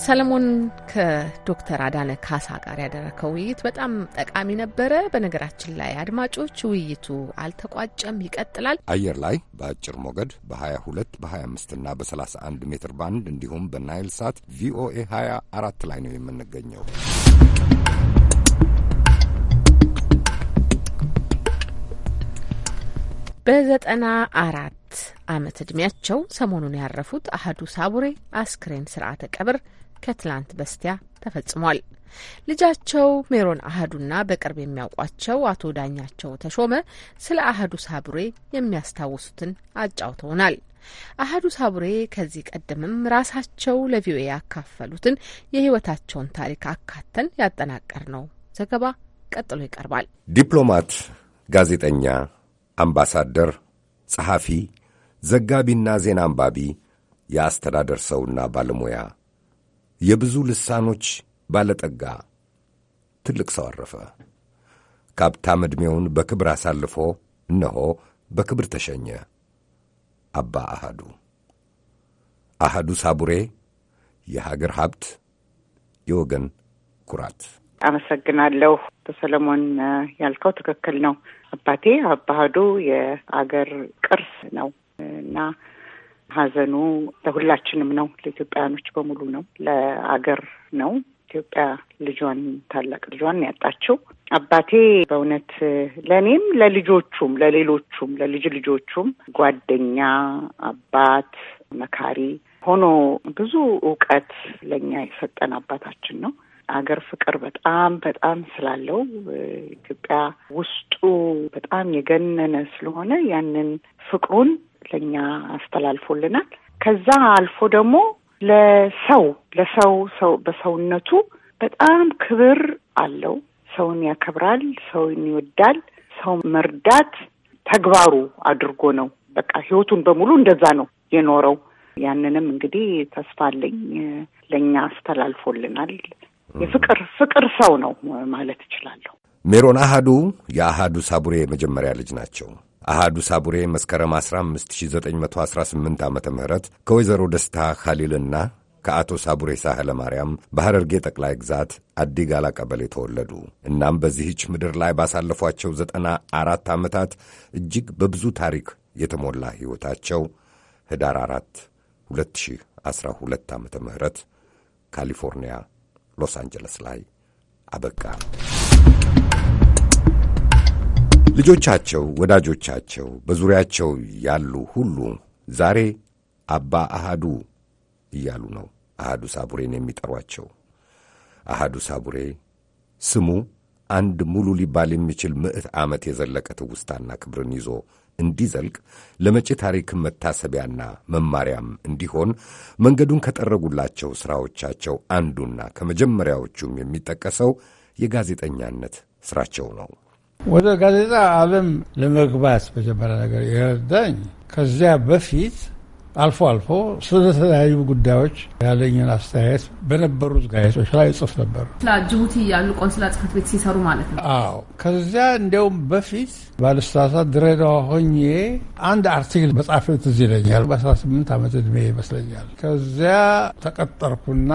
ሰለሞን ከዶክተር አዳነ ካሳ ጋር ያደረከው ውይይት በጣም ጠቃሚ ነበረ። በነገራችን ላይ አድማጮች ውይይቱ አልተቋጨም፣ ይቀጥላል። አየር ላይ በአጭር ሞገድ በ22 በ25 እና በ31 ሜትር ባንድ እንዲሁም በናይል ሳት ቪኦኤ 24 ላይ ነው የምንገኘው። በዘጠና አራት አመት ዕድሜያቸው ሰሞኑን ያረፉት አህዱ ሳቡሬ አስክሬን ስርዓተ ቀብር ከትላንት በስቲያ ተፈጽሟል። ልጃቸው ሜሮን አህዱና በቅርብ የሚያውቋቸው አቶ ዳኛቸው ተሾመ ስለ አህዱ ሳቡሬ የሚያስታውሱትን አጫውተውናል። አህዱ ሳቡሬ ከዚህ ቀደምም ራሳቸው ለቪኦኤ ያካፈሉትን የሕይወታቸውን ታሪክ አካተን ያጠናቀር ነው ዘገባ ቀጥሎ ይቀርባል። ዲፕሎማት፣ ጋዜጠኛ፣ አምባሳደር፣ ጸሐፊ፣ ዘጋቢና ዜና አንባቢ፣ የአስተዳደር ሰውና ባለሙያ የብዙ ልሳኖች ባለጠጋ ትልቅ ሰው አረፈ። ካብታም ዕድሜውን በክብር አሳልፎ እነሆ በክብር ተሸኘ። አባ አሃዱ አሃዱ ሳቡሬ የሀገር ሀብት፣ የወገን ኩራት። አመሰግናለሁ። ሰለሞን ያልከው ትክክል ነው። አባቴ አባ አሃዱ የአገር ቅርስ ነው እና ሀዘኑ ለሁላችንም ነው፣ ለኢትዮጵያውያኖች በሙሉ ነው፣ ለአገር ነው። ኢትዮጵያ ልጇን ታላቅ ልጇን ያጣችው አባቴ በእውነት ለእኔም ለልጆቹም ለሌሎቹም ለልጅ ልጆቹም ጓደኛ፣ አባት፣ መካሪ ሆኖ ብዙ እውቀት ለእኛ የሰጠን አባታችን ነው። አገር ፍቅር በጣም በጣም ስላለው ኢትዮጵያ ውስጡ በጣም የገነነ ስለሆነ ያንን ፍቅሩን ለእኛ አስተላልፎልናል። ከዛ አልፎ ደግሞ ለሰው ለሰው ሰው በሰውነቱ በጣም ክብር አለው። ሰውን ያከብራል፣ ሰውን ይወዳል። ሰው መርዳት ተግባሩ አድርጎ ነው። በቃ ህይወቱን በሙሉ እንደዛ ነው የኖረው። ያንንም እንግዲህ ተስፋ አለኝ ለእኛ አስተላልፎልናል። የፍቅር ፍቅር ሰው ነው ማለት እችላለሁ። ሜሮን አሃዱ የአሃዱ ሳቡሬ የመጀመሪያ ልጅ ናቸው። አሃዱ ሳቡሬ መስከረም 15918 ዓ ም ከወይዘሮ ደስታ ኻሊልና ከአቶ ሳቡሬ ሳህለ ማርያም በሐረርጌ ጠቅላይ ግዛት አዲጋላ ቀበሌ ተወለዱ። እናም በዚህች ምድር ላይ ባሳለፏቸው ዘጠና አራት ዓመታት እጅግ በብዙ ታሪክ የተሞላ ሕይወታቸው ህዳር 4 2012 ዓ ም ካሊፎርኒያ ሎስ አንጀለስ ላይ አበቃ። ልጆቻቸው፣ ወዳጆቻቸው፣ በዙሪያቸው ያሉ ሁሉ ዛሬ አባ አሃዱ እያሉ ነው አሃዱ ሳቡሬን የሚጠሯቸው። አሃዱ ሳቡሬ ስሙ አንድ ሙሉ ሊባል የሚችል ምዕት ዓመት የዘለቀ ትውስታና ክብርን ይዞ እንዲዘልቅ ለመጪ ታሪክ መታሰቢያና መማሪያም እንዲሆን መንገዱን ከጠረጉላቸው ሥራዎቻቸው አንዱና ከመጀመሪያዎቹም የሚጠቀሰው የጋዜጠኛነት ሥራቸው ነው። ወደ ጋዜጣ ዓለም ለመግባት መጀመሪያ ነገር የረዳኝ ከዚያ በፊት አልፎ አልፎ ስለተለያዩ ጉዳዮች ያለኝን አስተያየት በነበሩት ጋዜጦች ላይ ጽፍ ነበር። ጅቡቲ ያሉ ቆንስላ ጽሕፈት ቤት ሲሰሩ ማለት ነው። አዎ። ከዚያ እንዲያውም በፊት ባለስታሳት ድሬዳዋ ሆኜ አንድ አርቲክል መጻፍ ትዝ ይለኛል። በ18 ዓመት ዕድሜ ይመስለኛል። ከዚያ ተቀጠርኩና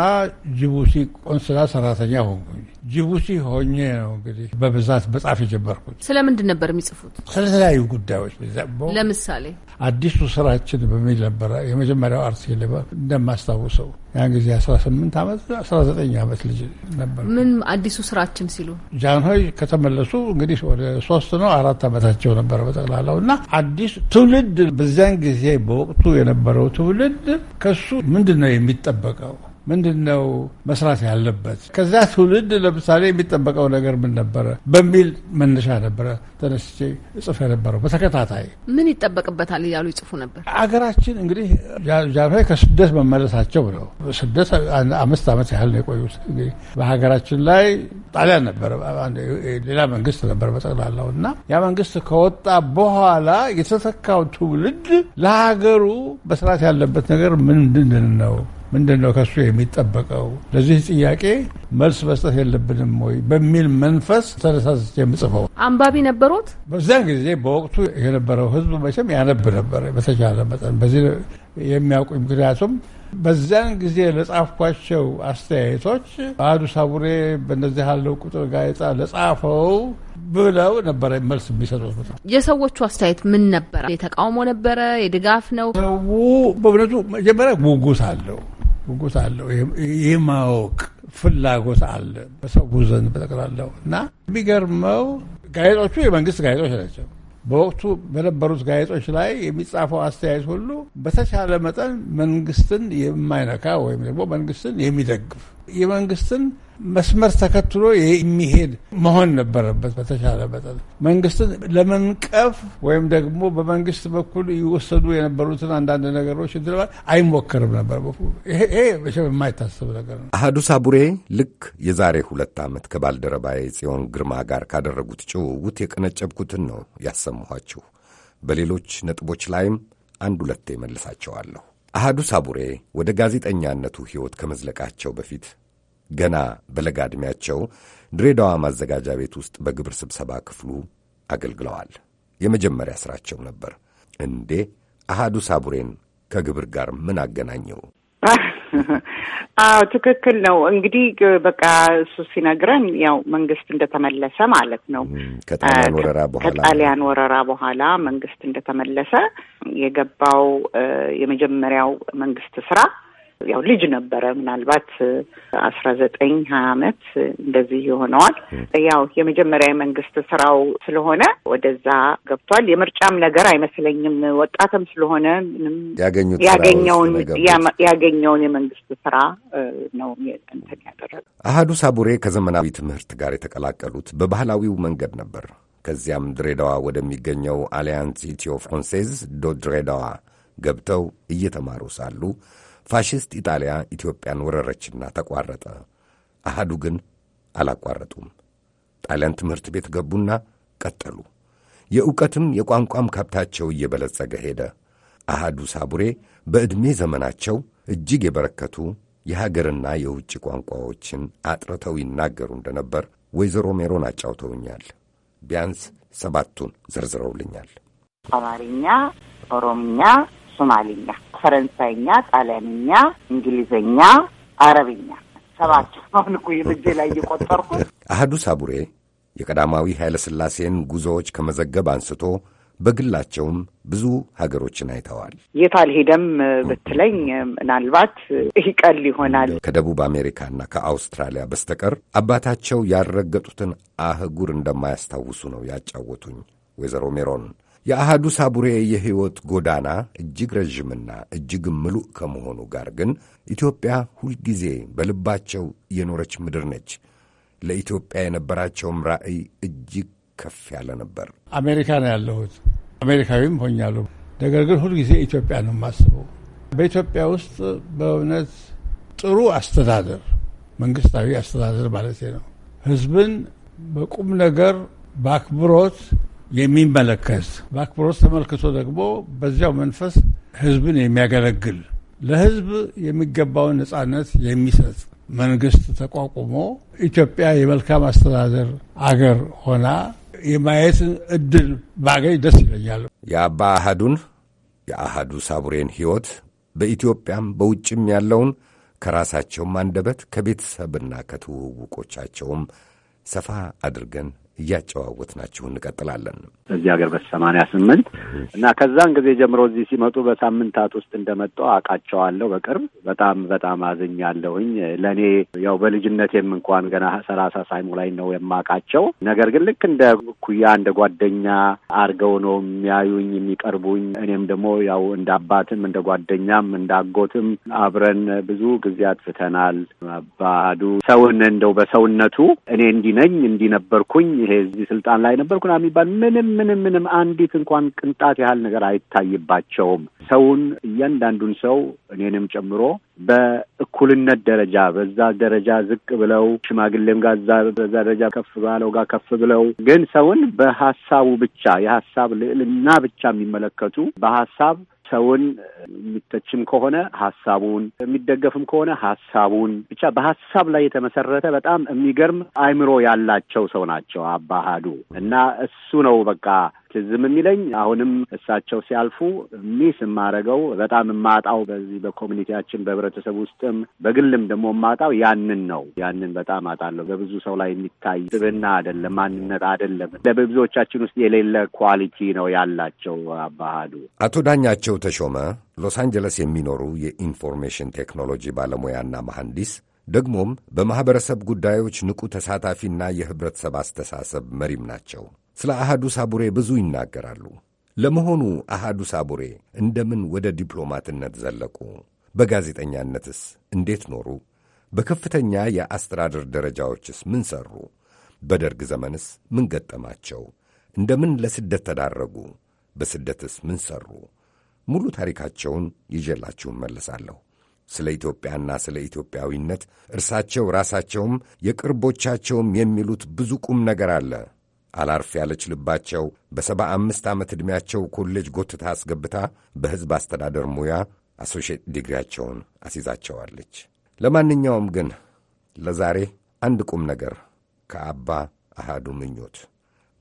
ጅቡቲ ቆንስላ ሰራተኛ ሆንኩኝ። ጅቡቲ ሆኜ ነው እንግዲህ በብዛት መጻፍ የጀመርኩት። ስለምንድን ነበር የሚጽፉት? ስለተለያዩ ጉዳዮች ለምሳሌ አዲሱ ስራችን በሚል ነበረ የመጀመሪያው አርቲክል እንደማስታውሰው ያን ጊዜ 18 ዓመት 19 ዓመት ልጅ ነበር። ምን አዲሱ ስራችን ሲሉ ጃንሆይ ከተመለሱ እንግዲህ ወደ ሶስት ነው አራት ዓመታቸው ነበረ በጠቅላላው እና አዲሱ ትውልድ በዚያን ጊዜ በወቅቱ የነበረው ትውልድ ከሱ ምንድን ነው የሚጠበቀው ምንድን ነው መስራት ያለበት፣ ከዛ ትውልድ ለምሳሌ የሚጠበቀው ነገር ምን ነበረ በሚል መነሻ ነበረ ተነስቼ እጽፍ የነበረው። በተከታታይ ምን ይጠበቅበታል እያሉ ይጽፉ ነበር። አገራችን እንግዲህ ጃንሆይ ከስደት መመለሳቸው ነው። ስደት አምስት ዓመት ያህል ነው የቆዩት። እንግዲህ በሀገራችን ላይ ጣሊያን ነበረ፣ ሌላ መንግስት ነበር በጠቅላላው እና ያ መንግስት ከወጣ በኋላ የተተካው ትውልድ ለሀገሩ መስራት ያለበት ነገር ምንድን ነው ምንድን ነው ከሱ የሚጠበቀው? ለዚህ ጥያቄ መልስ መስጠት የለብንም ወይ በሚል መንፈስ ተነሳስቼ የምጽፈው። አንባቢ ነበሩት በዚያን ጊዜ በወቅቱ የነበረው ህዝብ መቼም ያነብ ነበር በተቻለ መጠን በዚህ የሚያውቁኝ ምክንያቱም በዚያን ጊዜ ለጻፍኳቸው አስተያየቶች አዱ ሳቡሬ በእነዚህ ያለው ቁጥር ጋዜጣ ለጻፈው ብለው ነበረ መልስ የሚሰጡት። የሰዎቹ አስተያየት ምን ነበረ? የተቃውሞ ነበረ? የድጋፍ ነው? ሰው በእውነቱ መጀመሪያ ጉጉት አለው ጉጉት አለው የማወቅ ፍላጎት አለ በሰው ዘንድ በጠቅላላው እና የሚገርመው ጋዜጦቹ የመንግስት ጋዜጦች ናቸው በወቅቱ በነበሩት ጋዜጦች ላይ የሚጻፈው አስተያየት ሁሉ በተቻለ መጠን መንግስትን የማይነካ ወይም ደግሞ መንግስትን የሚደግፍ የመንግስትን መስመር ተከትሎ የሚሄድ መሆን ነበረበት። በተሻለ መጠን መንግስትን ለመንቀፍ ወይም ደግሞ በመንግስት በኩል ይወሰዱ የነበሩትን አንዳንድ ነገሮች አይሞከርም ነበር። ይሄ የማይታሰብ ነገር ነው። አህዱ ሳቡሬ ልክ የዛሬ ሁለት ዓመት ከባልደረባዬ ጽዮን ግርማ ጋር ካደረጉት ጭውውት የቀነጨብኩትን ነው ያሰማኋችሁ። በሌሎች ነጥቦች ላይም አንድ ሁለቴ መልሳቸዋለሁ። አህዱ ሳቡሬ ወደ ጋዜጠኛነቱ ሕይወት ከመዝለቃቸው በፊት ገና በለጋ ዕድሜያቸው ድሬዳዋ ማዘጋጃ ቤት ውስጥ በግብር ስብሰባ ክፍሉ አገልግለዋል። የመጀመሪያ ሥራቸው ነበር። እንዴ አህዱ ሳቡሬን ከግብር ጋር ምን አገናኘው? አዎ ትክክል ነው። እንግዲህ በቃ እሱ ሲነግረን ያው መንግስት እንደተመለሰ ማለት ነው። ከጣሊያን ወረራ በኋላ ከጣሊያን ወረራ በኋላ መንግስት እንደተመለሰ የገባው የመጀመሪያው መንግስት ስራ ያው ልጅ ነበረ ምናልባት አስራ ዘጠኝ ሀያ አመት እንደዚህ ይሆነዋል። ያው የመጀመሪያ የመንግስት ስራው ስለሆነ ወደዛ ገብቷል። የምርጫም ነገር አይመስለኝም። ወጣትም ስለሆነ ምንም ያገኘውን ያገኘውን የመንግስት ስራ ነው እንትን ያደረገ። አህዱ ሳቡሬ ከዘመናዊ ትምህርት ጋር የተቀላቀሉት በባህላዊው መንገድ ነበር። ከዚያም ድሬዳዋ ወደሚገኘው አሊያንስ ኢትዮ ፍሮንሴዝ ዶ ድሬዳዋ ገብተው እየተማሩ ሳሉ ፋሽስት ኢጣሊያ ኢትዮጵያን ወረረችና ተቋረጠ። አሃዱ ግን አላቋረጡም። ጣሊያን ትምህርት ቤት ገቡና ቀጠሉ። የእውቀትም የቋንቋም ከብታቸው እየበለጸገ ሄደ። አሃዱ ሳቡሬ በዕድሜ ዘመናቸው እጅግ የበረከቱ የሀገርና የውጭ ቋንቋዎችን አጥርተው ይናገሩ እንደነበር ወይዘሮ ሜሮን አጫውተውኛል። ቢያንስ ሰባቱን ዘርዝረውልኛል። አማርኛ፣ ኦሮምኛ፣ ሶማሊኛ፣ ፈረንሳይኛ፣ ጣሊያንኛ፣ እንግሊዝኛ፣ አረብኛ ሰባቸው አሁን እኮ የበጀ ላይ እየቆጠርኩ አህዱ ሳቡሬ የቀዳማዊ ኃይለ ሥላሴን ጉዞዎች ከመዘገብ አንስቶ በግላቸውም ብዙ ሀገሮችን አይተዋል። የት አልሄደም ብትለኝ ምናልባት ይቀል ይሆናል። ከደቡብ አሜሪካና ከአውስትራሊያ በስተቀር አባታቸው ያረገጡትን አህጉር እንደማያስታውሱ ነው ያጫወቱኝ ወይዘሮ ሜሮን። የአሃዱ ሳቡሬ የሕይወት ጎዳና እጅግ ረዥምና እጅግ ምሉእ ከመሆኑ ጋር ግን ኢትዮጵያ ሁልጊዜ በልባቸው የኖረች ምድር ነች። ለኢትዮጵያ የነበራቸውም ራዕይ እጅግ ከፍ ያለ ነበር። አሜሪካ ነው ያለሁት፣ አሜሪካዊም ሆኛሉ። ነገር ግን ሁልጊዜ ኢትዮጵያ ነው የማስበው። በኢትዮጵያ ውስጥ በእውነት ጥሩ አስተዳደር፣ መንግስታዊ አስተዳደር ማለት ነው፣ ህዝብን በቁም ነገር በአክብሮት የሚመለከት በአክብሮት ተመልክቶ ደግሞ በዚያው መንፈስ ህዝብን የሚያገለግል ለህዝብ የሚገባውን ነጻነት የሚሰጥ መንግስት ተቋቁሞ ኢትዮጵያ የመልካም አስተዳደር አገር ሆና የማየት እድል ባገኝ ደስ ይለኛል። የአባ አህዱን የአህዱ ሳቡሬን ህይወት በኢትዮጵያም በውጭም ያለውን ከራሳቸውም አንደበት ከቤተሰብና ከትውውቆቻቸውም ሰፋ አድርገን እያጨዋወትናችሁ እንቀጥላለን። እዚህ ሀገር በሰማንያ ስምንት እና ከዛን ጊዜ ጀምሮ እዚህ ሲመጡ በሳምንታት ውስጥ እንደመጣው አውቃቸዋለሁ። በቅርብ በጣም በጣም አዝኛለሁኝ። ለእኔ ያው በልጅነቴም እንኳን ገና ሰላሳ ሳይሞላኝ ነው የማውቃቸው። ነገር ግን ልክ እንደ ኩያ እንደ ጓደኛ አድርገው ነው የሚያዩኝ የሚቀርቡኝ። እኔም ደግሞ ያው እንደ አባትም እንደ ጓደኛም እንደ አጎትም አብረን ብዙ ጊዜ ፍተናል። አባዱ ሰውን እንደው በሰውነቱ እኔ እንዲነኝ እንዲነበርኩኝ ነበርኩኝ ይሄ እዚህ ስልጣን ላይ ነበርኩና የሚባል ምንም ምንም ምንም አንዲት እንኳን ቅንጣት ያህል ነገር አይታይባቸውም። ሰውን እያንዳንዱን ሰው እኔንም ጨምሮ በእኩልነት ደረጃ በዛ ደረጃ ዝቅ ብለው ሽማግሌም ጋር እዛ በዛ ደረጃ ከፍ ባለው ጋር ከፍ ብለው ግን ሰውን በሀሳቡ ብቻ የሀሳብ ልዕልና ብቻ የሚመለከቱ በሀሳብ ሰውን የሚተችም ከሆነ ሀሳቡን የሚደገፍም ከሆነ ሀሳቡን ብቻ በሀሳብ ላይ የተመሰረተ በጣም የሚገርም አይምሮ ያላቸው ሰው ናቸው አባሃዱ እና እሱ ነው በቃ ትዝም የሚለኝ አሁንም እሳቸው ሲያልፉ ሚስ የማረገው በጣም የማጣው በዚህ በኮሚኒቲያችን በህብረተሰብ ውስጥም በግልም ደግሞ የማጣው ያንን ነው። ያንን በጣም አጣለሁ። በብዙ ሰው ላይ የሚታይ ስብና አደለም፣ ማንነት አደለም። በብዙዎቻችን ውስጥ የሌለ ኳሊቲ ነው ያላቸው አባህሉ። አቶ ዳኛቸው ተሾመ ሎስ አንጀለስ የሚኖሩ የኢንፎርሜሽን ቴክኖሎጂ ባለሙያና መሐንዲስ ደግሞም በማኅበረሰብ ጉዳዮች ንቁ ተሳታፊና የህብረተሰብ አስተሳሰብ መሪም ናቸው። ስለ አሃዱ ሳቡሬ ብዙ ይናገራሉ። ለመሆኑ አሃዱ ሳቡሬ እንደምን ወደ ዲፕሎማትነት ዘለቁ? በጋዜጠኛነትስ እንዴት ኖሩ? በከፍተኛ የአስተዳደር ደረጃዎችስ ምን ሠሩ? በደርግ ዘመንስ ምን ገጠማቸው? እንደምን ለስደት ተዳረጉ? በስደትስ ምን ሠሩ? ሙሉ ታሪካቸውን ይዤላችሁን መለሳለሁ። ስለ ኢትዮጵያና ስለ ኢትዮጵያዊነት እርሳቸው ራሳቸውም የቅርቦቻቸውም የሚሉት ብዙ ቁም ነገር አለ። አላርፍ ያለች ልባቸው በሰባ አምስት ዓመት ዕድሜያቸው ኮሌጅ ጎትታ አስገብታ በሕዝብ አስተዳደር ሙያ አሶሼት ዲግሪያቸውን አስይዛቸዋለች። ለማንኛውም ግን ለዛሬ አንድ ቁም ነገር ከአባ አሃዱ ምኞት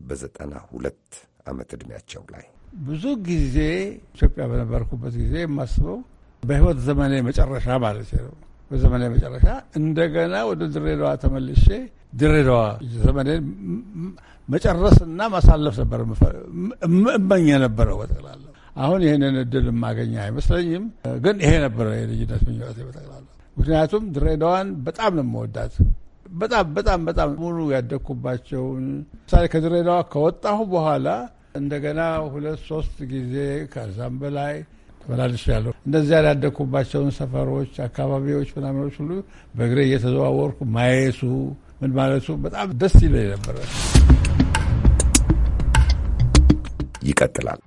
በዘጠና ሁለት ዓመት ዕድሜያቸው ላይ ብዙ ጊዜ ኢትዮጵያ በነበርኩበት ጊዜ የማስበው በሕይወት ዘመኔ መጨረሻ ማለት ነው በዘመናዊ መጨረሻ እንደገና ወደ ድሬዳዋ ተመልሼ ድሬዳዋ ዘመኔን መጨረስና ማሳለፍ ነበር እመኝ የነበረው በጠቅላላ። አሁን ይህንን እድል የማገኘ አይመስለኝም፣ ግን ይሄ ነበረ የልጅነት ምኞቴ በጠቅላላ። ምክንያቱም ድሬዳዋን በጣም ነው የምወዳት። በጣም በጣም በጣም ሙሉ ያደግኩባቸውን ምሳሌ ከድሬዳዋ ከወጣሁ በኋላ እንደገና ሁለት ሶስት ጊዜ ከዛም በላይ ተመላልሻለሁ። እንደዚያ ያደግኩባቸውን ሰፈሮች፣ አካባቢዎች ምናምኖች ሁሉ በእግሬ እየተዘዋወርኩ ማየሱ ምን ማለቱ በጣም ደስ ይለኝ ነበረ። ይቀጥላል።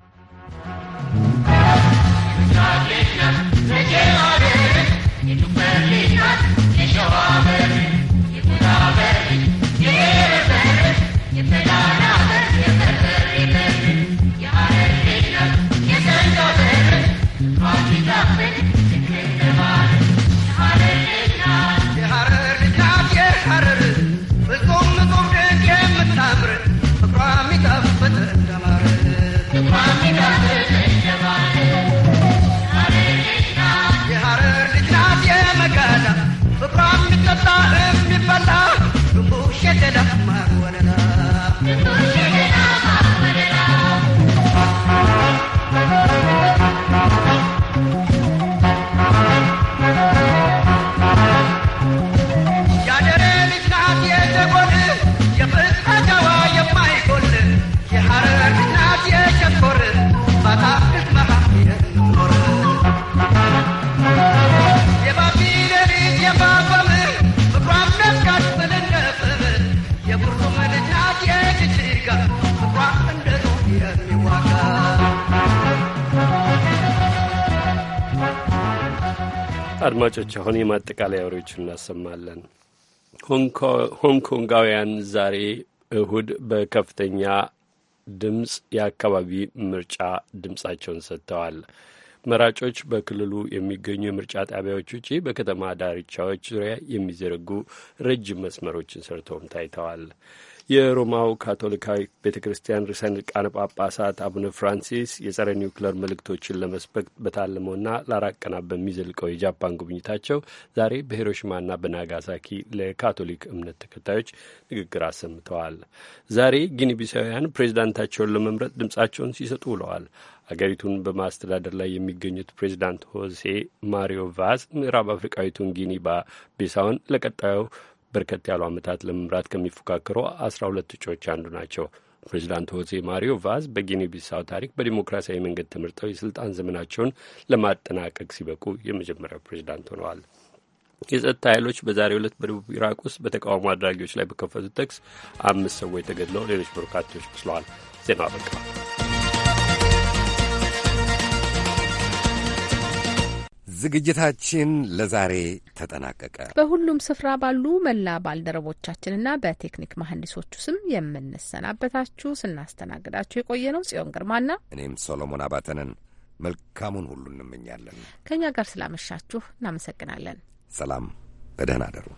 አድማጮች አሁን የማጠቃለያ ወሬዎችን እናሰማለን። ሆንግ ኮንጋውያን ዛሬ እሁድ በከፍተኛ ድምፅ የአካባቢ ምርጫ ድምፃቸውን ሰጥተዋል። መራጮች በክልሉ የሚገኙ የምርጫ ጣቢያዎች ውጪ በከተማ ዳርቻዎች ዙሪያ የሚዘረጉ ረጅም መስመሮችን ሰርተውም ታይተዋል። የሮማው ካቶሊካዊ ቤተ ክርስቲያን ርዕሰ ሊቃነ ጳጳሳት አቡነ ፍራንሲስ የጸረ ኒውክለር መልእክቶችን ለመስበክ በታለመውና ለአራት ቀናት በሚዘልቀው የጃፓን ጉብኝታቸው ዛሬ በሂሮሽማና በናጋሳኪ ለካቶሊክ እምነት ተከታዮች ንግግር አሰምተዋል። ዛሬ ጊኒቢሳውያን ፕሬዚዳንታቸውን ለመምረጥ ድምጻቸውን ሲሰጡ ውለዋል። አገሪቱን በማስተዳደር ላይ የሚገኙት ፕሬዚዳንት ሆሴ ማሪዮ ቫዝ ምዕራብ አፍሪቃዊቱን ጊኒ ቢሳውን ለቀጣዩ በርከት ያሉ ዓመታት ለመምራት ከሚፎካከሩ አስራ ሁለት እጩዎች አንዱ ናቸው። ፕሬዚዳንት ሆሴ ማሪዮ ቫዝ በጊኒ ቢሳው ታሪክ በዲሞክራሲያዊ መንገድ ተመርጠው የስልጣን ዘመናቸውን ለማጠናቀቅ ሲበቁ የመጀመሪያው ፕሬዚዳንት ሆነዋል። የጸጥታ ኃይሎች በዛሬው ዕለት በደቡብ ኢራቅ ውስጥ በተቃውሞ አድራጊዎች ላይ በከፈቱት ተኩስ አምስት ሰዎች ተገድለው ሌሎች በርካቶች ቆስለዋል። ዜና አበቃ። ዝግጅታችን ለዛሬ ተጠናቀቀ። በሁሉም ስፍራ ባሉ መላ ባልደረቦቻችንና በቴክኒክ መሐንዲሶቹ ስም የምንሰናበታችሁ ስናስተናግዳችሁ የቆየ ነው ጽዮን ግርማና እኔም ሶሎሞን አባተንን መልካሙን ሁሉ እንመኛለን። ከእኛ ጋር ስላመሻችሁ እናመሰግናለን። ሰላም፣ በደህና አደሩ።